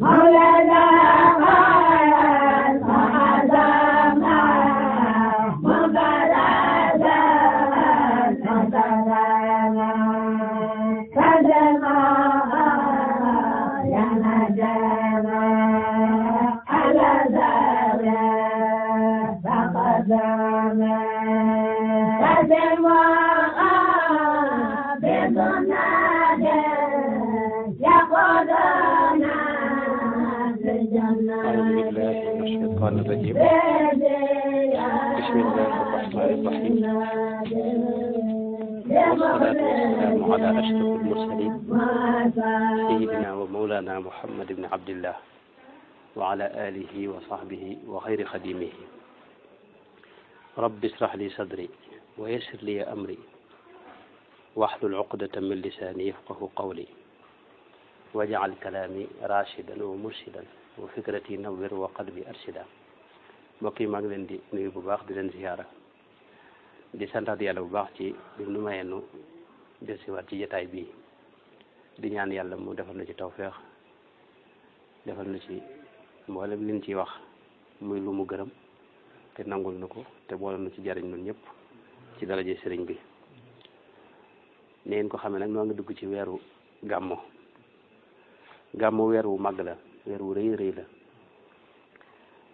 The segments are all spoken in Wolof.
مولانا الرجيم بسم الله الرحمن الرحيم والصلاة والسلام على أشرف المرسلين سيدنا ومولانا محمد بن عبد الله وعلى آله وصحبه وخير خديمه رب اشرح لي صدري ويسر لي أمري واحلل عقدة من لساني يفقه قولي واجعل كلامي راشدا ومرشدا وفكرتي نور وقلبي أرشدا mbokk yi maa leen di nuyu bu baax di leen ziyaara di santaat yàlla bu baax ci bi nu mayee nu del siwaat ci jataay bii di ñaan yàlla mu defal na ci tawféex defal na ci mboolem liñ ciy wax muy lu mu gërëm te nangul na ko te boole na ci jariñ nun ñëpp ci daraje sëriñ bi ne ngeen ko xamee nag noo ngi dugg ci weeru gàmmo gàmmo weer wu màgg la weer wu rëy rëy la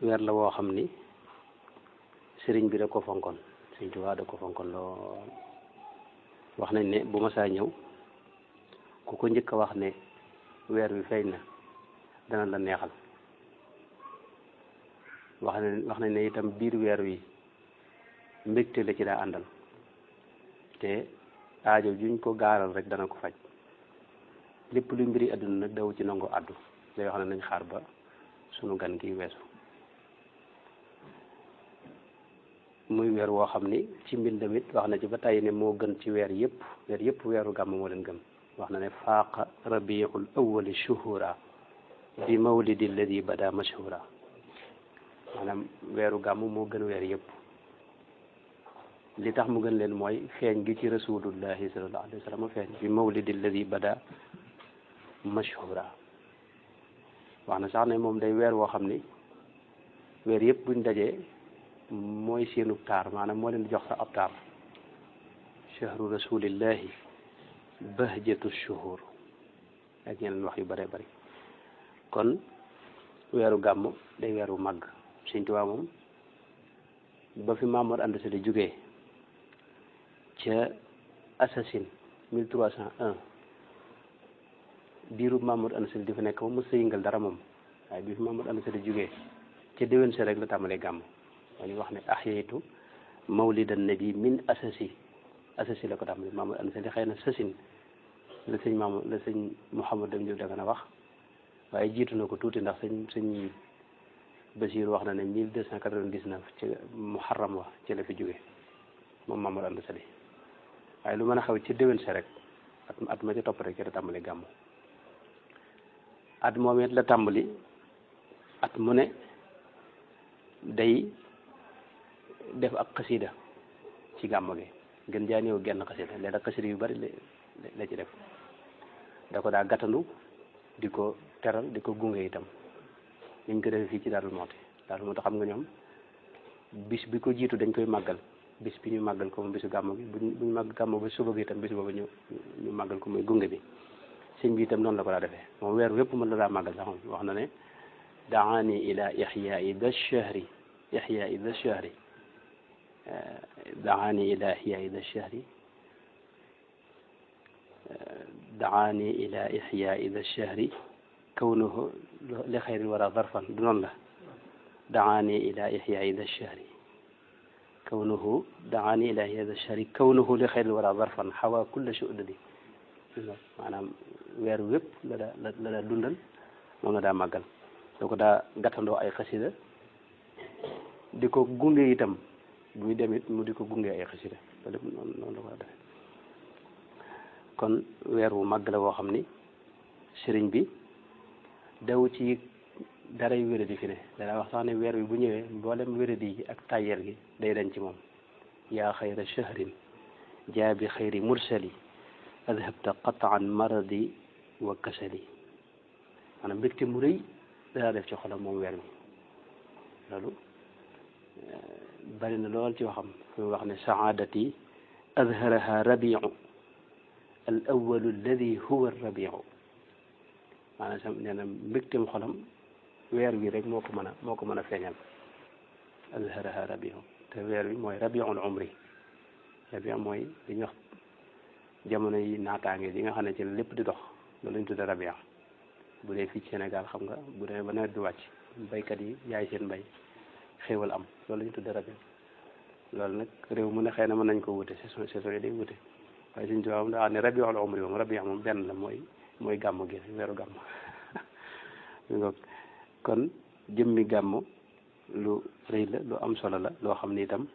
weer la woo xam ni sëriñ bi da ko fonkoon sëriñ Tuubaa da ko fonkoon lool wax nañ ne bu ma saa ñëw ku ko njëkk a wax ne weer wi feeñ na dana la neexal wax nañ wax nañ ne itam biir weer wi mbégte la ci daa àndal te aajo juñ ko gaaral rek dana ko faj lépp lu mbiri àdduna nag daw ci nangu àddu day wax ne nañ xaar ba sunu gan gi weesu muy weer woo xam ni ci mbindam it wax na ci ba tey ne moo gën ci weer yëpp weer yëpp weeru gàmm moo leen gën wax na ne faaqa rabiul awwali shuhura bi mawlidi alladi bada mashhura maanaam weeru gàmm moo gën weer yëpp li tax mu gën leen mooy feeñ gi ci rasulullahi sallallahu alayhi wa sallam feeñ bi mawlidi alladi wax na sax na moom day weer woo xam ni weer yëpp buñ dajee mooy seenub taar maanaam moo leen di jox sa ab taar chahru rasulillahi bahjatu shuhur ak yeneen wax yu bëree bëri kon weeru gàmm day weeru màgg Sëñ Tuubaa moom ba fi Maamor Anta Sali jógee ca assassin mille trois cent un biiru Maamor Anta Sali di fa nekk moom mos sa yëngal dara moom waaye bi fi Maamor Anta Sali jógee ca déwén sa rek la tàmbalee gàmm dañuy wax ne ahyaytu mawlidan nabi min asasi asasi la ko tax Mamadou Ansali na sasin la sëñ maam la sëñ Mouhamed Deme Diop da nga wax waaye jiitu na ko tuuti ndax sëñ sëñ Basiir wax na ne mille deux cent quatre-vingt-dix-neuf ci muharram wa ci la fi jóge moom Mamadou Ansali waaye lu mën a xaw ci déwén sa rek at at ma topp rek ci la tàmbali gàmmu at moom la tàmbali at mu ne day def ak xasida ci gàmm gi gën jaa genn xasida léeg-léeg xasida yu bari la ci def da ko daa gàttandu di ko teral di ko gunge itam niñ ko defee fii ci Darou moo Darou Mouhty xam nga ñoom bis bi ko jiitu dañ koy màggal bis bi ñu màggal ko moom gàmm gi buñ buñ gàmm suba gi itam bis boobu ñu ñu ko mooy gunge bi sëñ bi itam noonu la ko daa defee moom weer wépp mën na daa màggal sax moom wax na ne daani ila ihyaa ida shahri ihyaa ida shahri daani ilahiya ila shahri daani ila ihya ila shahri kawnuhu li xayrin wara darfan du noonu la daani ila ihya ila shahri kawnuhu daani ila ihya ila shahri kawnuhu li xayrin wara darfan xawa kulla shu'dadi maanaam weer wépp la daa la daa dundal moom la daa màggal doo ko daa gàttandoo ay xasida di ko gunge itam buy dem it mu di ko gunge ay xasida loolu lépp kon weer wu màgg la woo xam ni siriñ bi daw ci daray wéradi fi ne danaa wax weer wi bu ñëwee mboolem wéradi yi ak tàyyeer gi day dañ ci moom yaa xayra shahrin jaa bi xayri mursali adhabta qataan maradi wa kasali maanaam mbégte mu rëy danaa def ci xolam moom weer wi loolu bari na lool ci waxam fi wax ne saadati adharaha rabiu al awalu alladi huwa rabiu maanaam sam nee na mbégtem xolam weer wi rek moo ko mën a moo ko mën a feeñal adharaha rabiu te weer bi mooy rabiul umri rabiu mooy li ñuy wax jamono yi naataange yi nga xam ne ci lépp di dox loolu lañ tudde rabiu bu dee fii ci Sénégal xam nga bu dee ba nawet bi wàcc baykat yi yaay seen mbay xéewal am loolu la ñu tudde ragal loolu nag réew mu ne xëy na mën nañ ko wute saison saison yi day wute waaye suñu tubaab daa ne rabi wala umri moom benn la mooy mooy gàmm gi weeru gàmm kon jëmmi gàmm lu rëy la lu am solo la loo xam ne itam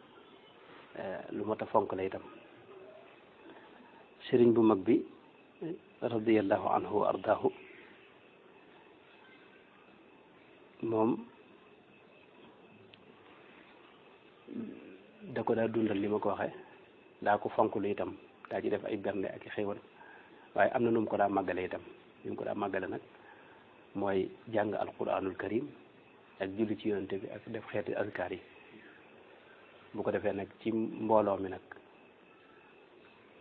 eh, lu mot a fonk la itam sëriñ bu mag bi radiyallahu ardaahu moom da ko daa dundal li ma ko waxee daa ko fonk lu itam daa ci def ay bernde ak i xéewal waaye am na nu mu ko daa màggale itam nu mu ko daa màggale nag mooy jàng alquranul karim ak julli ci yonante bi ak def xeeti azkar yi bu ko defee nag ci mbooloo mi nag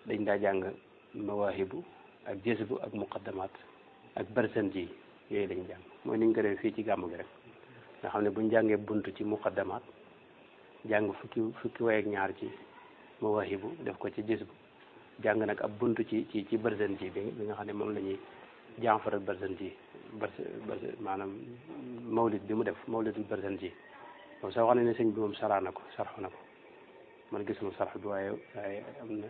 dañ daa jàng mawaahibu ak jësbu ak muqaddamat ak barsan ji yooyu lañ jàng mooy niñ ko defee fii ci gàmmu gi rek nga xam ne buñ jàngee bunt ci muqaddamat jàng fukki fukki way ak ñaar ci mawaahibu def ko ci jisbu jàng nag ab bunt ci ci ci Barzanji bi bi nga xam ne moom la ñuy Jaafar ak Barzanji bars bars maanaam mawlid bi mu def mawlidul Barzanji moom sax wax na ne sëñ bi moom saraa ko sarxu na ko man gisuma sarx bi waaye waaye am na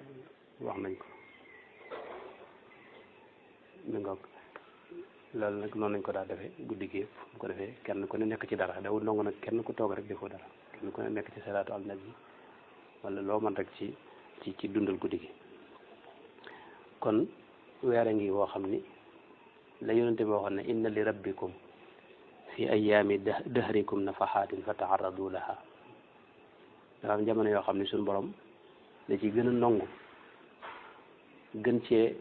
wax nañ ko mi ngoog loolu nag noonu lañ ko daa defee guddi gi yëpp bu ko defee kenn ku ne nekk ci dara dawul ndongo nag kenn ku toog rek defoo dara kenn ku nekk ci salaatu al nabi walla loo man rek ci ci ci dundal guddi gi kon weer a ngi woo xam ni la yonente bi waxoon ne inna li rabbikum fi ayaami dahrikum nafaxaatin fa taharradu laha dafa am jamono yoo xam ne suñu boroom da ci gën a nongu gën cee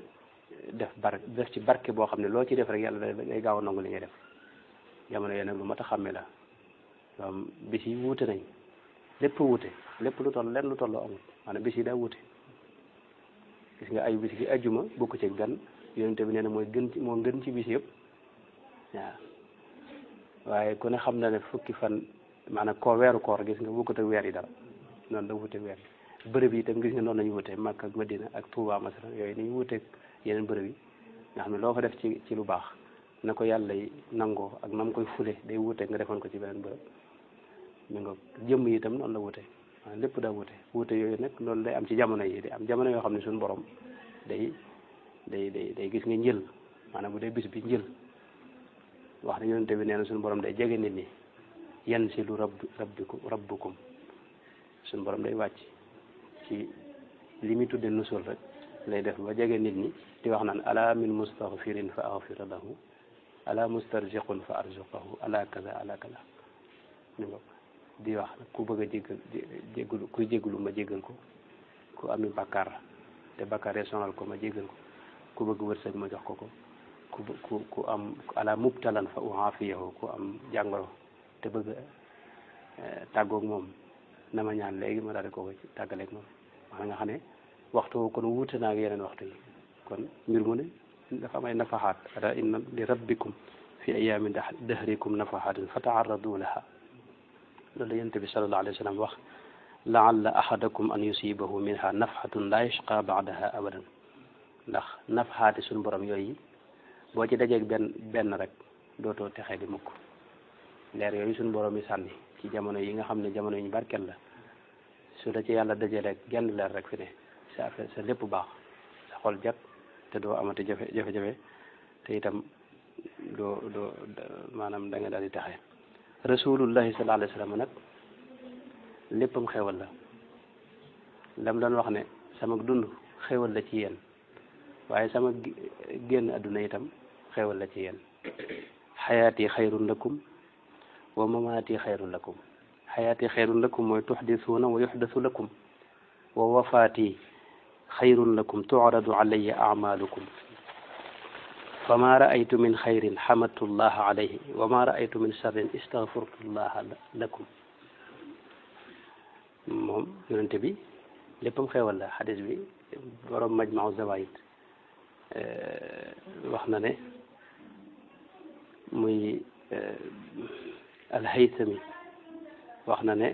def barke ci barke boo xam ne loo ci def rek yàlla da day gaaw a nongu li ngay def jamono yooyu nag lu mat a xàmmee la ñoom bis yi wuute nañ lépp wuute lépp lu toll lenn lu tolloo amul maanaam bis yi daa wuute gis nga ayu bis gi ajjuma bokk ci gan yonente bi nee na mooy gën ci moo gën ci bis yëpp waaw waaye ku ne xam na ne fukki fan maanaam koo weeru koor gis nga bokkut weer yi dara noon da wuute weer yi bërëb yi tam gis nga noonu lañu wuute Makka ak Madina ak Touba masalan yooyu ni ñu wuuteeg yeneen bërëb yi nga xam ne loo ko def ci ci lu baax na ko yàlla nangoo ak nam koy fule day wuuteeg nga defoon ko ci beneen bërëb mi nga jëmm yi itam noonu la wute maanaam lépp daa wute wute yooyu nag loolu day am ci jamono yi de am jamono yoo xam ne suñu borom day day day gis nga njël maanaam bu dee bis bi njël wax na yonente bi nee na suñu borom day jege nit ñi yan si lu rabbi rabbikum rabbukum suñu borom day wàcc ci li muy tudde nusul rek lay def ba jege nit ñi di wax naan ala min mustaghfirin fa aghfira lahu ala mustarziqun fa arzuqahu ala kaza ala kaza di wax ku bëgg a jéggal jéggalu kuy jéggalu ma jéggal ko ku ami bàkkaar te bàkkaar yi ko ma jéggal ko ku bëgg wërsëg ma jox ko ko ku ku ku am ala mubtalan fa uafiyahu ku am jàngoro te bëgg eh, tàggoog moom nama ñaan léegi ma daal di ko tàggaleeg moom maanaam nga xam ne waxtu kon wuute naa yeneen waxtu yi kon mbir mu ne dafa am ay nafaxaat ala inna li rabbikum fi ayaami dahrikum nafaxaatin fa taarradu laha loolu yonent bi sallallahu alayhi wa sallam wax laalla ahadakum an yusibahu minha nafhatun la yashqa baadaha abadan ndax nafxaati suñu boroom yooyu boo ci dajeeg benn benn rek dootoo texee di mukk leer yooyu suñu borom yi sànni ci jamono yi nga xam ne jamono yi ñu barkeel la su la ci yàlla dajee rek genn leer rek fi ne sa affaire sa lépp baax sa xol jag te doo amati jafe jafe-jafe te itam doo doo maanaam da nga daal di texee rasulullahi sallallahu alayhi wa sallam nag léppam xewal la lam doon wax ne sama dund xewal la ci yéen waaye sama génn adduna itam xewal la ci yéen xayaati xayrun lakum wa mamaati xayrun lakum xayaati xayrun lakum mooy tuxdisuuna wa yuxdasu lakum wa wafaati xayrun lakum tu'radu alayya amalukum fa ma raaytu min xayrin xamadtullaha alayhi wa ma raaytu min charrin istahfirtullaha lakum moom yonente bi léppam xewal la xadis bi borom majmau zawaid eh, wax na ne muy eh, alhaytami wax na ne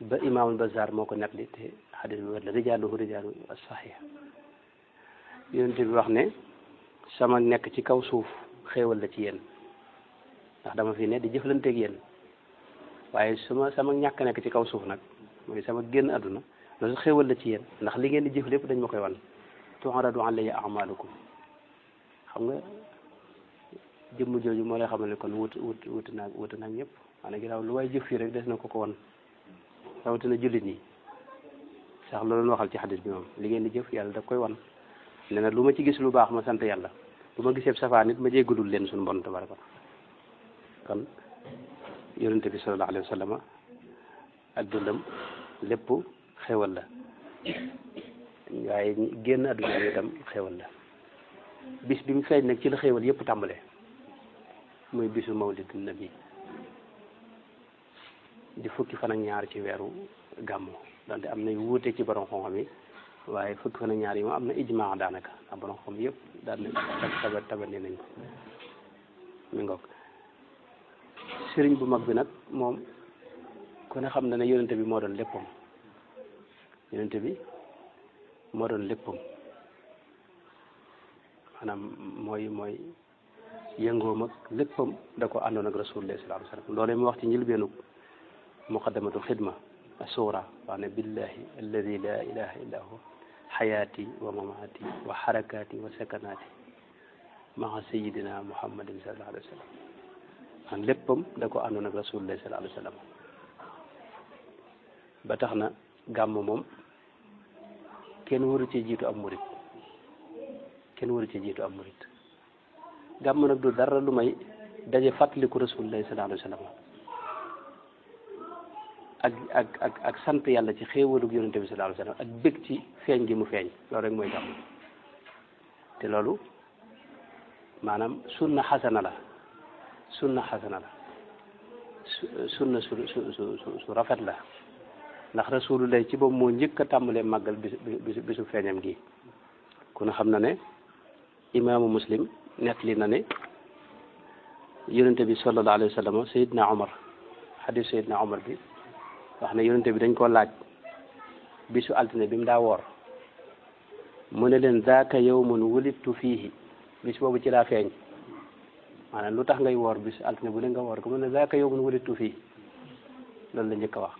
ba imaamul bazar moo ko nettali te xadis bi wér la rijaaluhu rijaalu saxiix yonente bi wax ne sama nekk ci kaw suuf xéewal la ci yéen ndax dama fi ne di jëflanteeg yéen waaye suma sama ñàkk nekk ci kaw suuf nag mooy sama génn àdduna loolu xéewal la ci yéen ndax li ngeen di jëf lépp dañ ma koy wan tu'radu alayya a'malukum xam nga jëmm jooju moo lay xamal ne kon wut wut wut naag ñëpp maanaam ginnaaw lu waay jëf rek des na ko ko wan na jullit ñi sax loolu waxal ci xadis bi moom li ngeen di jëf yàlla da koy wan nee lu ma ci gis lu baax ma sant yàlla bu ma gisee safaan nit ma jéggalul leen suñu bon tabaraka kon yonente bi sallallahu alayhi ak dundam lépp xewal la waaye génn àdduna bi itam xewal la bis bi mu feeñ nag ci la xewal yëpp tàmbale muy bisu mawlidu nabi di fukki fan ñaar ci weeru gàmmu donte am na wuute ci borom xam-xam waaye fukki fan ak ñaar yi moom am na ijmaa daanaka ndax borom xam yëpp daan nañ tab tabandi nañ ko mi ngoog sëriñ bu mag bi nag moom kon ne xam na ne yonente bi moo doon léppam yonente bi moo doon léppam maanaam mooy mooy yëngoom ak léppam da ko àndoon ak rasulullah sallallahu alayhi wa sallam loolee mu wax ci njëlbéenu muqaddamatul xidma asura wax ne billahi alladi la ilaha illa xayaati wa mamaati wa xarakaati wa sakanaati maa sayidina muhammadin sallallahu alayhi wa sallam man léppam da ko àndoon ba tax na gàmm moom kenn waru ci jiitu am murit kenn ci jiitu am gàmm nag du dara lu may daje fàttaliku rasulullah sallallahu alayhi wa sallam ak ak ak ak sant yàlla ci xéewalug yonente bi sallallahu alayhi wasallam ak bég ci feeñ gi mu feeñ loolu rek mooy gàmm te loolu maanaam sunna xasana la sunna xasana la sunna su su rafet la ndax rasulullah ci boobu moo njëkk a tàmbalee màggal bisu bisu feeñam gi kon xam na ne imaamu muslim nettali na ne yonente bi sallallahu alayhi wasallam sayidna omar xadis sayidna omar bi wax ne yonente bi dañ koo laaj bisu altine bi mu daa woor mu ne leen zaaka yawmun wulidtu fii bis boobu ci laa feeñ maanaam lu tax ngay woor bisu altine bu ne nga woor ko mu ne zaaka yawmun wulidtu fiihi loolu la njëkk a wax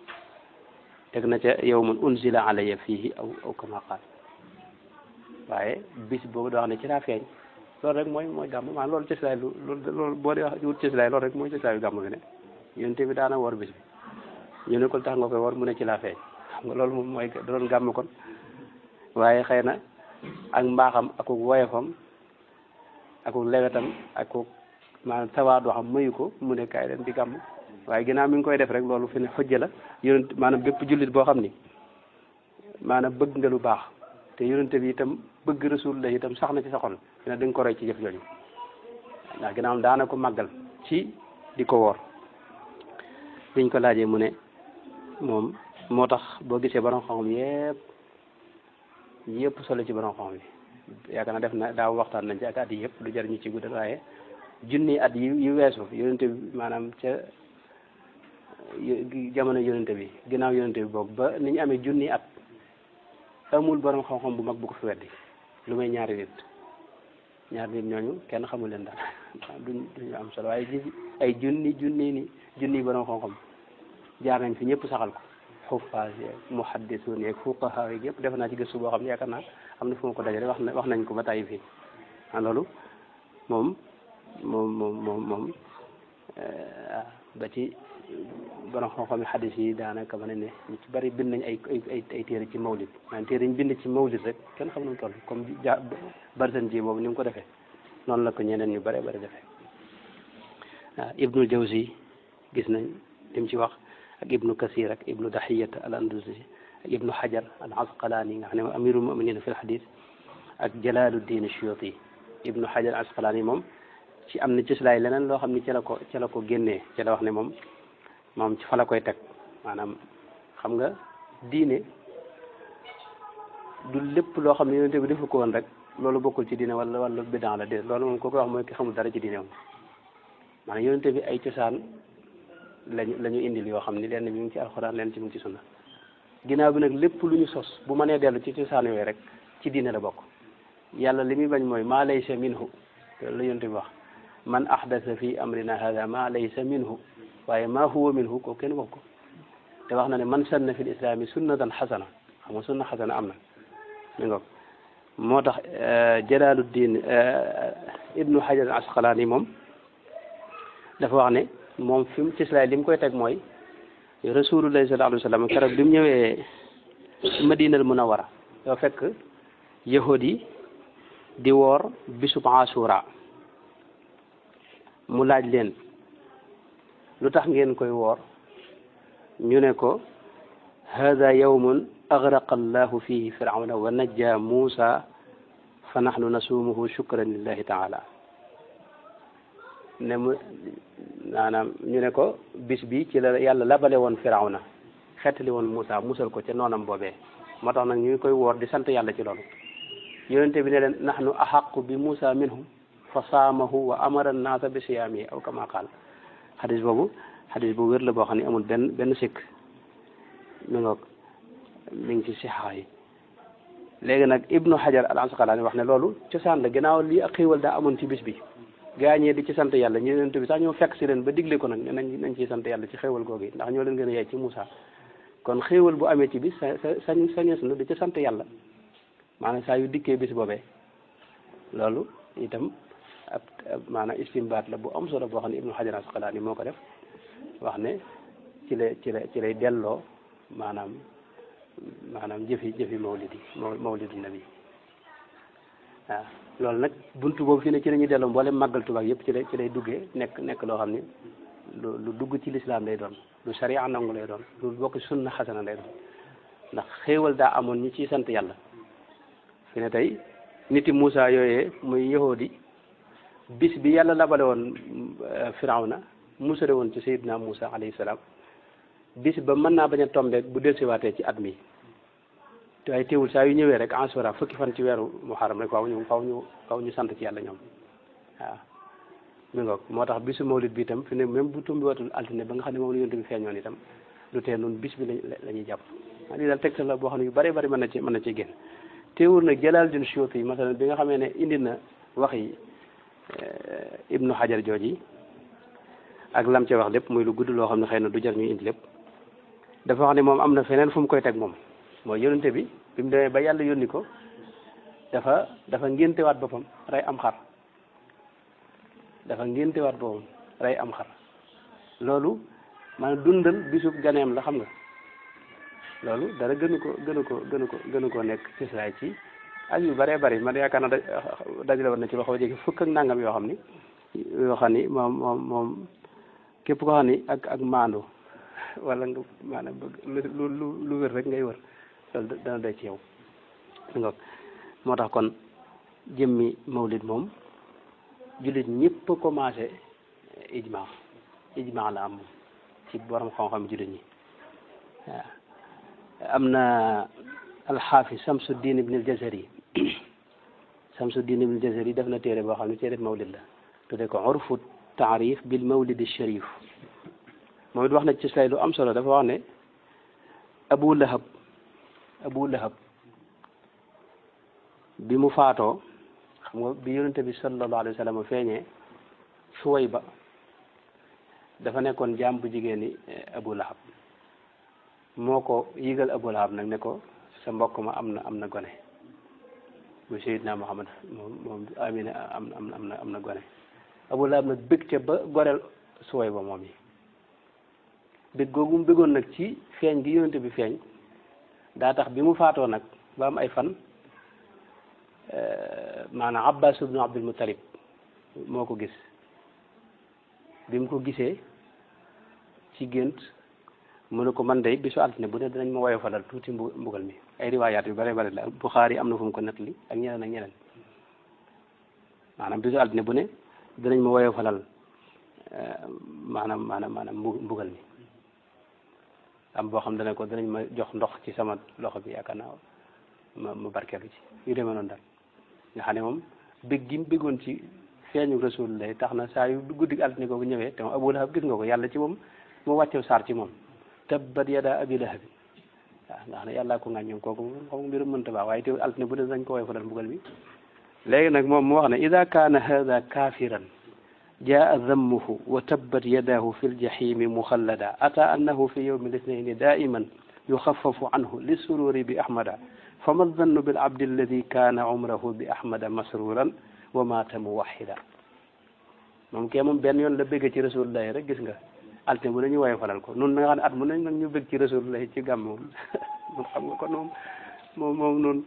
teg na ca yawmun unzila alayya fiihi aw aw kama qaal waaye bis boobu da wax ne ci laa feeñ loolu rek mooy mooy gàmm maanaam loolu cëslaay lu loolu boo dee wax wut cëslaay loolu rek mooy cëslaayu gàmm bi ne yonente bi daana woor bis bi ñu ne ko tax nga koy war mu ne ci laa feeñ loolu moom mooy doon gàmm kon waaye xëy na ak mbaaxam ak woyofam ak lewetam ak maanaam tawaadu xam mayu ko mu ne kaay leen di gàmm waaye ginnaaw mi ngi koy def rek loolu fi ne xujja la yonent maanaam bépp jullit boo xam ni maanaam bëgg nga lu baax te yonent bi itam bëgg rasul la itam sax na ci sa xol dina da ko roy ci jëf jooju ndax ginnaaw daana ko màggal ci di ko woor liñ ko laajee mu ne moom moo tax boo gisee borom xam-xam yépp yépp solo ci borom xam yi bi yaakaar naa def na daaw waxtaan nañ ci ak at yi yépp du jar ñu ci guddal waaye junni at yi yu weesu yonente bi maanaam ca jamono yonente bi ginnaaw yonente bi boobu ba ni ñu amee junni at amul borom xam-xam bu mag bu ko fi weddi lu may ñaari nit ñaari nit ñooñu kenn xamul leen dara duñ duñu am solo waaye gis ay junni junni ni junni borom xam-xam jaar nañ fi ñëpp saxal ko xuffaas yeeg muhaddisuun yeeg fuqahaa yeeg yëpp def naa ci gëstu boo xam ne yaakaar naa am na fu ma ko dajale wax nañ ko ba tàyyi fii ah loolu moom moom moom moom moom eh, ah, ba ci borom xam-xam yi daanaka ma ne ne ci bari bind nañ ay ay téere ci mawlid maanaam téere ñu bind ci mawlid rek kenn xam nañu toll comme bari barisan jii boobu ni mu ko defee noonu la ko ñeneen yu bare bari defee waaw ah, Ibnul gis nañ li mu ci wax ak ibnu kasir ak ibnu dahiyata al andalusi ak ibnu hajar al asqalaani nga xam ne moom amirul muminina fi ak jalaluddin siyuti moom ci am na cëslaay leneen loo xam ne ca la ko ca génnee ca la wax ne moom moom ci fa la koy teg maanaam xam nga diine du lépp loo xam ne yonente bi defu ko woon rek loolu bokkul ci diine wala wala bidan la dé loolu moom ko koy wax mooy ki xamul dara ci diine moom maanaam yonente bi ay cosaan lañu la ñu indil yoo xam ni lenn bi mu ngi ci alxuraan lenn ci mu ngi ci sunna ginnaaw bi nag lépp lu ñu sos bu mënee dellu ci cosaan yooyu rek ci diine la bokk yàlla li muy bañ mooy maa laysa minhu la yonent bi wax man ahdasa fi amrina hada maa laysa minhu waaye maa huwa minhu ko kenn bokk te wax na ne man sanna fil islami sunnatan xasana xam nga sunna xasana am na mi ngoog moo tax eh, jalaaluddin eh, ibnu hajar asqalaani moom dafa wax ne moom fi mu cislaay li koy teg mooy rasulullahi sallallahu alayhi wa sallam keroog bi mu ñëwee madinal munawara yoo fekk yahud yi di wor bisub asura mu laaj leen lu tax ngeen koy woor ñu ne ko hada yawmun aghraqa allahu fihi firawna wa najja muusa fa nahnu nasuumuhu shukran lillahi taala ne mu maanaam ñu ne ko bis bi ci la yàlla labale woon Firawna xettali woon Moussa musal ko ca noonam boobee moo tax nag ñu ngi koy woor di sant yàlla ci loolu yonente bi ne leen nahnu ahaqu bi Moussa minhum fa saamahu wa amara naasa bi siyaamihi aw kama qaal boobu xadis bu wér la boo xam ne amul benn benn sikk mi ngoog ngi ci sixaa yi léegi nag Ibnu Hajar al Asqalaani wax ne loolu cosaan la ginnaaw lii ak xiiwal daa amoon ci bis bi gaañee di ci sant yàlla ñu yonent bi sax ñoo fekk si leen ba digle ko nag ne nañ nañ ciy sant yàlla ci xéewal googu ndax ñoo leen gën a yey ci Moussa kon xéewal bu amee ci bis sa sa sañ sañees na di ci sant yàlla maanaam saa yu dikkee bis boobee loolu itam ab maanaam istimbaat la bu am solo boo xam ne Ibnu Hajar ni moo ko def wax ne ci la ci ci lay delloo maanaam maanaam jëfi jëfi mawlidi mawlidu bi waaw loolu nag buntu boobu fi ne ci la ñuy delloo mboolem màggal Tuubaa yëpp ci lay ci lay duggee nekk nekk loo xam ni lu lu dugg ci lislaam lay doon lu sariya nangu lay doon lu bokk sunna xasana lay doon ndax xéewal daa amoon ñu ciy sant yàlla fi ne tey niti muusa yooyee muy yahudi bis bi yàlla labale woon euh, Firawna musale woon ci Seydina Moussa alayhi salaam bis ba mën naa bañ a tombeek bu delsiwaatee ci at mi te ay saa yu ñëwee rek ansora fukki fan ci weeru muharram rek faaw ñu faaw ñu faaw ñu sant ci yàlla ñoom waaw mi ngoog moo tax bisu mawlid bi itam fi ne même bu tumbi watul altine ba nga xam ne moom la yonent bi feeñoon itam lu tee noonu bis bi la ñuy jàpp a lii daal tegtal la boo xam ne yu bari bari mën na ci mën na ci génn teewul nag jalaal din siyuuti yi masalan bi nga xamee ne indi na wax yi eh, ibnu xajar jooji ak lam ci wax lépp muy lu gudd loo xam ne xëy na du jar ñu indi lépp dafa wax ne moom am na feneen fu mu koy teg moom mooy yonente bi bi mu demee ba yàlla yónni ko dafa dafa ngéntewaat boppam rey am xar dafa ngéntewaat boppam rey am xar loolu maanaam dundal bisub ganeem la xam nga loolu dara gënu ko gënu ko gënu ko gënu koo nekk ci silaay ci ak yu bëree bëri man yaakaar naa dajale woon na ci loxo jege fukk ak nàngam yoo xam ni yoo xam ni moom moom képp koo xam ni ak ak maandu wala nga maanaam bëgg lu lu lu wér rek ngay wër dana doy ci yow moo tax kon jëmmi mawlid moom jullit ñëpp a commencé ijma la am ci borom xam-xam jullit ñi am na alxaafis Samsuddin ibn al-Jazari Samsuddin ibn al-Jazari def na téere boo xam ne téere mawlid la tudde ko urfu taarif bil mawlid sharif moom it wax na ci say am solo dafa wax ne Abu Lahab abu lahab bi mu faatoo xam nga bi yonente bi sallallahu alayhi wa sallam feeñee ba dafa nekkoon jaam bu jigéen ñi eh, abu lahab moo ko yëgal abu lahab nag ne ko sa mbokk ma am na am na gone mu seydina muhammad moom moom am na am na am na gone abu lahab nag bég ca ba goreel suwayba moom yi bég googu mu bégoon nag ci feeñ gi yonente bi feeñ daa tax bi mu faatoo nag ba am ay fan euh, maanaam abbas ibnu abdul muttalib moo ko gis bi mu ko gisee ci gént mu ne ko man day bisu altine bu ne dinañ ma woyofalal tuuti mbugal mi ay riwaayaat yu bare bare la Buxaari am na fu mu ko nettali ak ñeneen ak ñeneen maanaam bisu altine bu ne dinañ ma woyofalal euh, maanaam maanaam maanaam mbugal mi am boo xam dana ko danañ ma jox ndox ci sama loxo bi yaakaar naa ma ma barkeelu ci yu demee noonu daal nga xam ne moom bég gi mu bégoon ci feeñu rasulullah tax na saa yu guddi altine googu ñëwee te moom abu gis nga ko yàlla ci moom mu wàccew saar ci moom tabbat yadaa abi lahabi waaw nga xam ne yàllaa ko ngàññoom kooku xam nga mbirum mënta baax waaye te altine bu ne dañ koo woy fa dal mbugal mi léegi nag moom mu wax ne ida kaana hada kafiran jaa zammuhu wa tabbat yadahu fi ljahimi muxallada ata annahu fi yowmi lisnaini daiman yuxafafu anhu lissururi bi ahmada fama zannu bil abdi alladi kaana umrahu bi ahmada masruran wa maata muwahida moom kee moom benn yoon la bëgg ci rasulullahi rek gis nga altine bu nañu waye falal ko nun na nga xam ne at mu nañ nag ñu bëgg ci rasulullahi ci gàmm moom xam nga kon moom moom moom noonu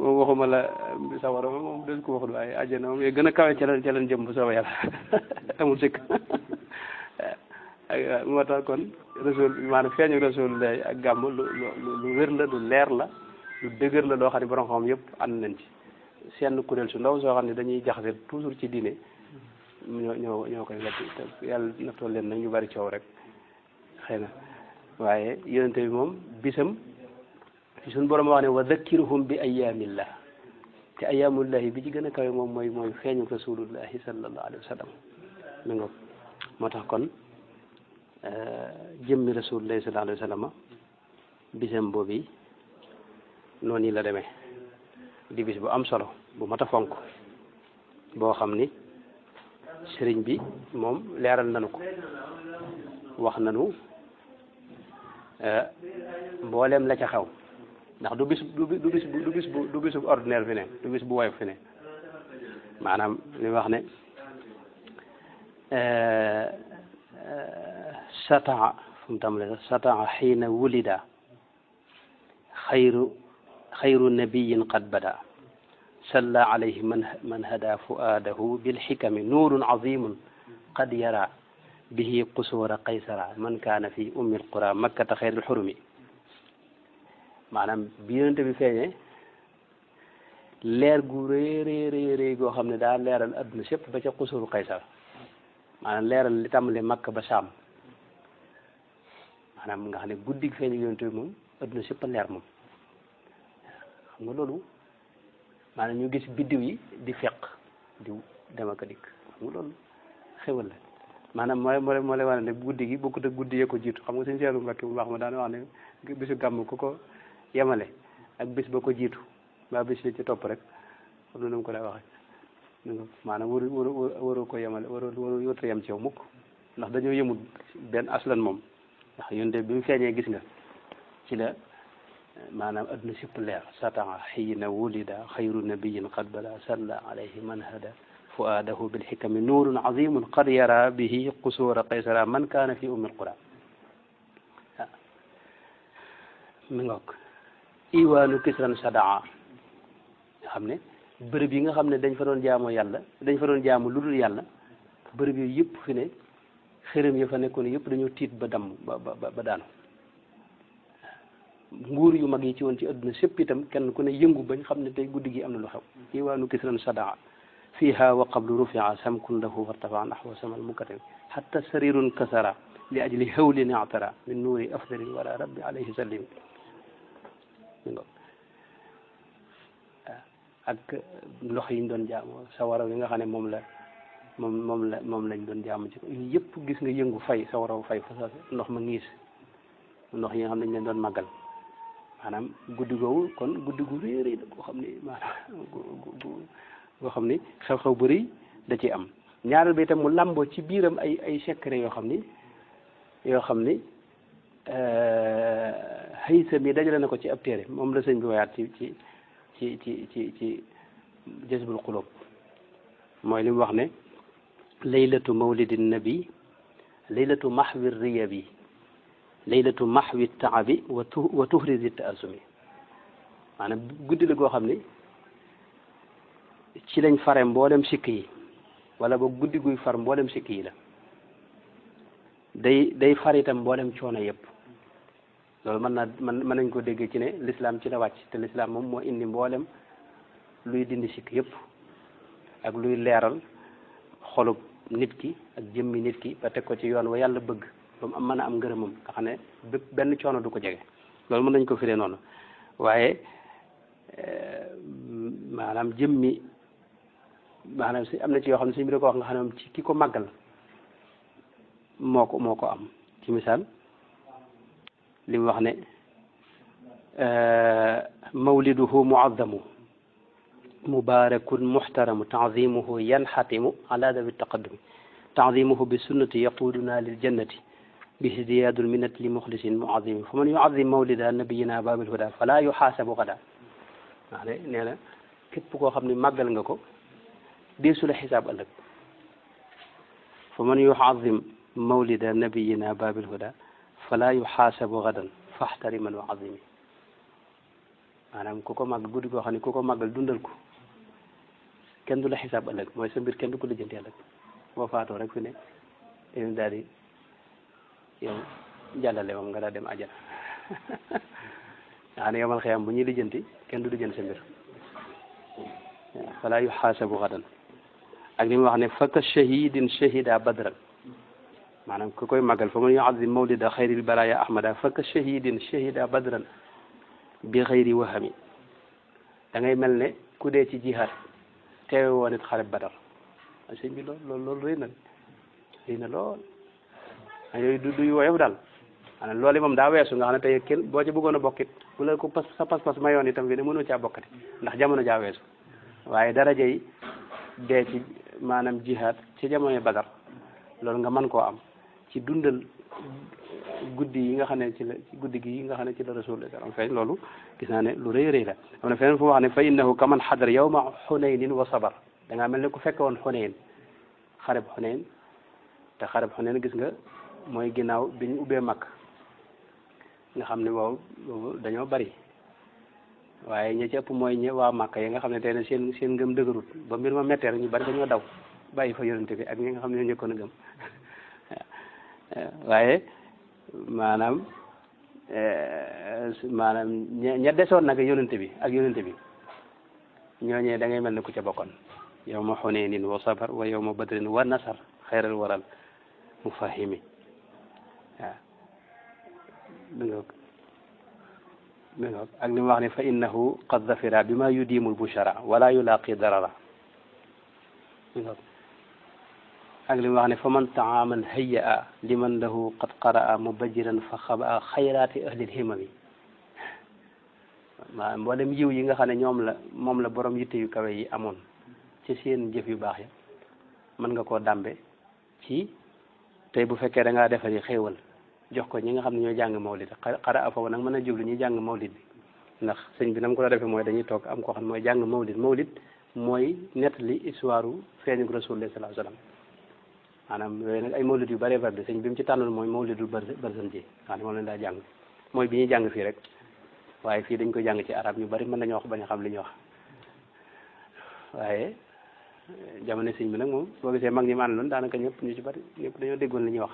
moom waxuma la euh, sawara moom dañ ko waxul waaye àjjana moom yooyu gën a kawe ca la ca la jëm bu soobee yàlla amul sikk moo tax kon rasul maanaam feeñu rasul ak gàmm lu lu lu lu leer la lu dëgër la loo xam ne borom xam yëpp ànd nañ ci seen kuréel su ndaw soo xam ne dañuy jaxase toujours ci diine ñoo ñoo ñoo koy wet te yàlla naftoo leen nag ñu bari coow rek xëy na waaye yonente bi moom bisam te suñu borom wax ne wa dhakkirhum bi ayamillah te ayamullahi bi ci gën a kawe moom mooy mooy feeñu rasulullahi sallallahu alayhi wa sallam mi nga moo tax kon euh, jëmmi rasulullahi sallallahu alayhi wa sallam bisam boobu noonu la demee di bis bu am solo bu mat a fonk boo xam ni sëriñ bi moom leeral nanu ko wax nanu euh, mboolem la ca xew ndax du bis du bis du bis bu du bis bu ordinaire fi ne du bis bu woyof fi ne maanaam li wax ne eh, sataa fu mu tàmbalee sataa xiina wulida xayru xayru nabiyin qad bada salla alayhi man man hada fuaadahu bilxikami nuurun azimun qad yara bihi qusuura qaysara man kaana fi ummi alqura makkata xayri alxurumi maanaam bi yonente bi feeñee leer gu rëy rëy goo xam ne daa leeral adduna sépp ba ca xusuru Kaysar maanaam leeral li tàmbali Makka ba Saam maanaam nga xam ne guddi gi feeñ yonente bi sépp leer moom xam nga loolu maanaam ñu gis biddiw yi di feq di dem ak a dikk xam nga loolu xewal la maanaam mooy moo moo lay wane ne guddi gi bokkut ak guddi yee ko jiitu xam nga suñu seelu Mbàkke bu baax ma daana wax ne bisu gàmm ku ko yemale ak bis ba ko jiitu mbaa bis li ci topp rek xam na nu mu ko daa waxe maanaam waru waru waru ko yemale waru waru yóotu yem ci yow mukk ndax dañoo yemul benn aslan moom ndax yonte bi mu feeñee gis nga ci la maanaam adduna sipp leer sataa xiina wulida xayru nabiyin qad bala salla alayhi man hada fuaadahu bilxikami nuurun azimun qad yara bihi qusuura qaysara man kaana fi ummi alqura waaw ah. mi ngoog iwaanu kisran sadaa xam ne bërëb yi nga xam ne dañ fa doon jaamoo yàlla dañ fa doon jaamu lu dul yàlla bërëb yooyu yëpp fi ne xërëm ya fa nekkoon yëpp dañoo tiit ba damm ba yu mag yi ci woon ci àdduna sépp itam kenn ku ne yëngu bañ xam ne tey guddi gi am na lu xew iwaanu kisran sadaa fiha wa qablu rufia samkun lahu wartafa nahwa samal mukatam hatta sarirun kasara li ajli hawlin atara min nuuri afdalin wala rabbi alayhi salim ak ndox yiñ doon sa sawara yi nga xam ne moom la moom moom la moom lañ doon jàmm ci ko yëpp gis nga yëngu fay sawaraw fay fa ndox ma ngiis ndox yi nga xam ne dañ leen doon màggal maanaam guddi googu kon guddi gu réeréy la goo xam ne maanaam goo xam ne xew-xew bu rëy da ci am ñaareel ba itam mu làmboo ci biiram ay ay secret yoo xam ni yoo xam ne euh, xëysa bi dajale ne ko ci ab téere moom la sëñ bi wayaat ci ci ci ci ci ci jasbul xulóob mooy li mu wax ne laylatu mawlidi nabi laylatu maxwi riyabi laylatu maxwi taabi wa tu wa tuhrisi taasumi maanaam guddi la goo xam ne ci lañ fare mboolem sikk yi wala ba guddi guy far mboolem sikk yi la day day far itam mboolem coono yëpp loolu mën naa mën mën nañ koo déggee ci ne l'islam ci la wàcc te l'islam moom moo indi mboolem luy dindi sikk yépp ak luy leeral xolub nit ki ak jëmmi nit ki ba teg ko ci yoon wa yàlla bëgg ba am mën a am ngërëmam nga xam ne bépp benn coono du ko jege loolu mën nañ ko firee noonu waaye eh, maanaam jëmmi maanaam si am na ci yoo xam ne suñu bi ko wax nga xam ne moom ci ki ko màggal moo ko moo ko am ci misaal li mu wax ne euh, mawliduhu muazzamu mubarakun muhtaramu tanzimuhu yanxatimu ala dawi taqaddumi tanzimuhu bi sunnati yaquduna lil jannati bihdiyaadul minat li muxlisin muazimi fa man yuazim mawlida nabiyina babil huda fala yuxaasabu gada wax ne nee na képp koo xam ne màggal nga ko deesu la xisaab ëllëg fa man yuazim mawlida nabiyina babil huda fala yuxaasabu gadan faxtariman wa azimi maanaam ku ko màggal guddi goo xam ne ku ko màggal dundal ko kenn du la xisaab ëllëg mooy sa mbir kenn du ko lijjanti ëllëg boo faatoo rek fi ne dañu daal di yow jàllale moom nga daal dem ajana nga xam ne yomal xiyam bu ñuy lijjanti kenn du lijjanti sa mbir waaw fala yuxaasabu gadan ak li mu wax ne faka shahidin shahida badran maanaam ku koy magal fa man yuazim mawlida xayril baraaya ahmada fakka shahidin shahida badran bi xayri wahami da ngay mel ne ku dee ci jihaad teewe woon it xare badar a sëñ bi lool lool loolu rëy na rëy na lool a yooyu du duy woyof daal maanaam loolu moom daa weesu nga xam ne tey kenn boo ci bëggoon a bokkit bu la ko pas sa pas-pas mayoon itam fi ne mënoo caa bokkati ndax jamono jaa weesu waaye daraja yi dee ci maanaam jihaad ci jamono badar loolu nga mën koo am ci dundal guddi yi nga xam ne ci la guddi gi yi nga xam ne ci la rasul am feeñ loolu gis naa ne lu rëy rëy la am na feneen fu mu wax ne fa innahu kaman xadar yawma xunaynin wa sabar da ngaa mel ni ku fekke woon xunayn xareb xunayn te xareb xunayn gis nga mooy ginnaaw bi ñu ubbee mag nga xam ne boobu dañoo bari waaye ñi ci ëpp mooy ñi waa màkk yi nga xam ne tey ne seen seen ngëm dëgërut ba mbir ma mettee ñu bari dañoo daw bàyyi fa yonente bi ak ñi nga xam ne ñoo njëkkoon a gëm waaye maanaam eh, maanaam ña ña desoon nag yonente bi ak yonente bi ñooñee da ngay mel ne ku ca bokkoon yow ma xunenin wa sabar wa yow ma badrin wa nasar xeeral waral mu fahimi waaw ak li mu wax ne fa innahu qad zafira bi ma yudimul bushara wala yulaqi darara ak li wax ne fa man taaman hayya a liman lahu qad qaraa mubajiran fa xaba a xayraati ahlil himami waaw mboolem yiw yi nga xam ne ñoom la moom la borom yitte yu kawe yi amoon ci seen jëf yu baax ya mën nga koo dàmbe ci tey bu fekkee da ngaa defari xéewal jox ko ñi nga xam ne ñoo jàng mawlid xara a foofu nag mën a jublu ñuy jàng mawlid bi ndax sëñ bi nam ko la defee mooy dañuy toog am koo xam mooy jàng mawlid mawlid mooy nettali histoire u feeñu rasul sallallahu maanaam yooyu nag ay mawlid yu bare bëri la sëñ bi mu ci tànnul mooy mawlidul barzanji maanaam moom lañ daa jàng mooy bi ñuy jàng fii rek waaye fii dañ koy jàng ci arab ñu bari mën nañoo wax bañ a xam li ñuy wax waaye sëñ bi nag moom boo mag ñi ma àndaloon daanaka ñëpp ñu ci bari ñëpp dañoo déggoon li ñuy wax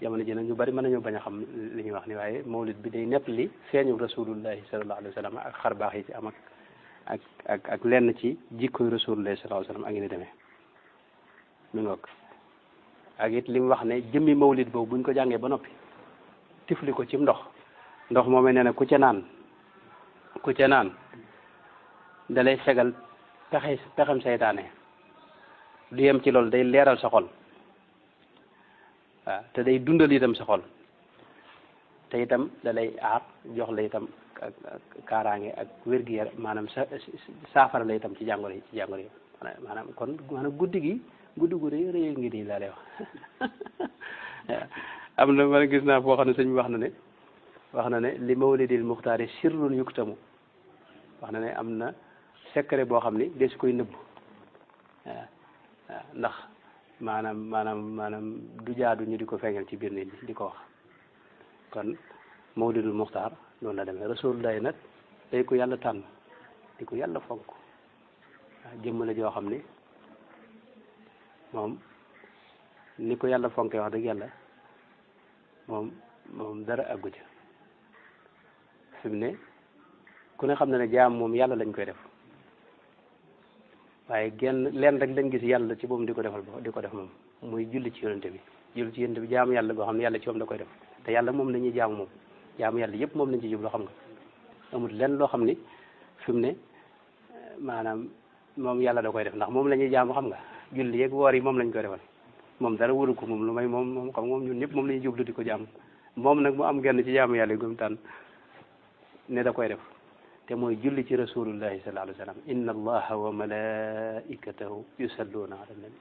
jamono ji nag ñu bari mën nañoo bañ a xam li ñuy wax ni waaye mawlid bi day nepp li feeñu rasulullahi sallallahu alayhi wa sallam ak xar baax yi ci am ak ak ak lenn ci jikkoy rasulullahi sallallahu alayhi ak ngi ni demee mi ngoog ak it li mu wax ne jëmmi mawlid boobu buñ ko jàngee ba noppi tifli ko ci ndox ndox moomee nee na ku ca naan ku ca naan dalay fegal pexe pexem seytaane du yem ci loolu day leeral sa xol te day dundal itam sa xol dalay aar jox la itam ak kaaraange ak wér-gi-yaram maanaam sa saafara la itam ci jàngoro yi ci jàngoro yi kon maanaam guddi gi guddi gu rëy rëy ngi di laa lay wax am na man gis naa foo xam ne sëñ bi wax na ne wax na ne li mawlidil muxtaari sirrun yuktamu wax na ne am na secret boo xam ne de su koy nëbb ndax maanaam maanaam maanaam du jaadu ñu di ko feeñal ci biir nit ñi di ko wax kon mawlidul muxtaar loolu la demee rasulullah nag day ko yàlla tànn di ko yàlla fonk jëmm la joo xam ne moom ni ko yàlla fonke wax dëgg yàlla moom moom dara àggu ca fi ne ku ne xam ne ne jaam moom yàlla lañ koy def waaye genn leen rek lañ gis yàlla ci boom di ko defal di ko def moom muy julli ci yonente bi julli ci yonente bi jaamu yàlla boo xam ne yàlla ci moom da koy def te yàlla moom la ñuy jaamu moom jaamu yàlla yëpp moom lañ ci jublu xam nga amul lenn loo xam ni fi mu ne maanaam moom yàlla da koy def ndax moom la ñuy jaamu xam nga julli yeeg woor yi moom lañ ko defal moom dara waru ko moom lu may moom moom xam moom ñun ñëpp moom la ñuy jublu di ko jàmm moom nag mu am genn ci jaamu yàlla gum tànn ne da koy def te mooy julli ci rasulullahi sallallahu alayhi wa sallam inna allaha wa malaikatahu yusalluuna ala nabi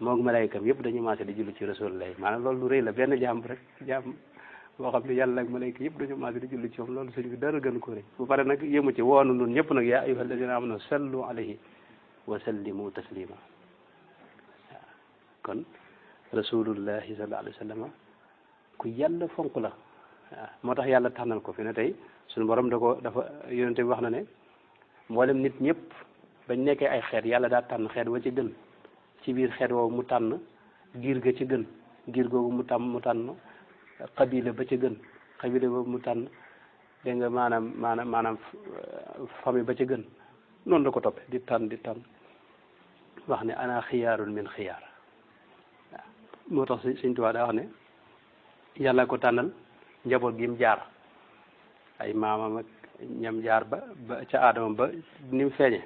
moog malaykam yëpp dañu maase di julli ci rasulullahi maanaam loolu lu rëy la benn jaam rek jaam boo xam ne yàlla ak malayka yëpp dañu maase di julli ci moom loolu sëñ bi dara gën ko rëy bu pare nag yëmu ci woonu nun ñëpp nag yaa ayyuha alladina sallu alayhi wasallimu taslima waaw kon rasulullahi sallallahu alayhi wa sallam ku yàlla fonk la waaw moo tax yàlla tànnal ko fi ne tey suñu borom da ko dafa yonente bi wax na ne mboolem nit ñëpp bañ nekkee ay xeet yàlla daa tànn xeet wa ci gën ci biir xeet woowu mu tànn giir ga ci gën giir googu mu tànn mu tànn xabila ba ci gën xabila boobu mu tànn dégg nga maanaam maanaam maanaam famille ba ci gën noonu la ko toppe di tànn di tànn wax ne ana xiyaarun min xiyaar waaw moo tax Sëñ Tuubaa daa wax ne yàlla ko tànnal njaboot gi jaar ay maamam ak ñam jaar ba ba ca aadama ba ni feeñe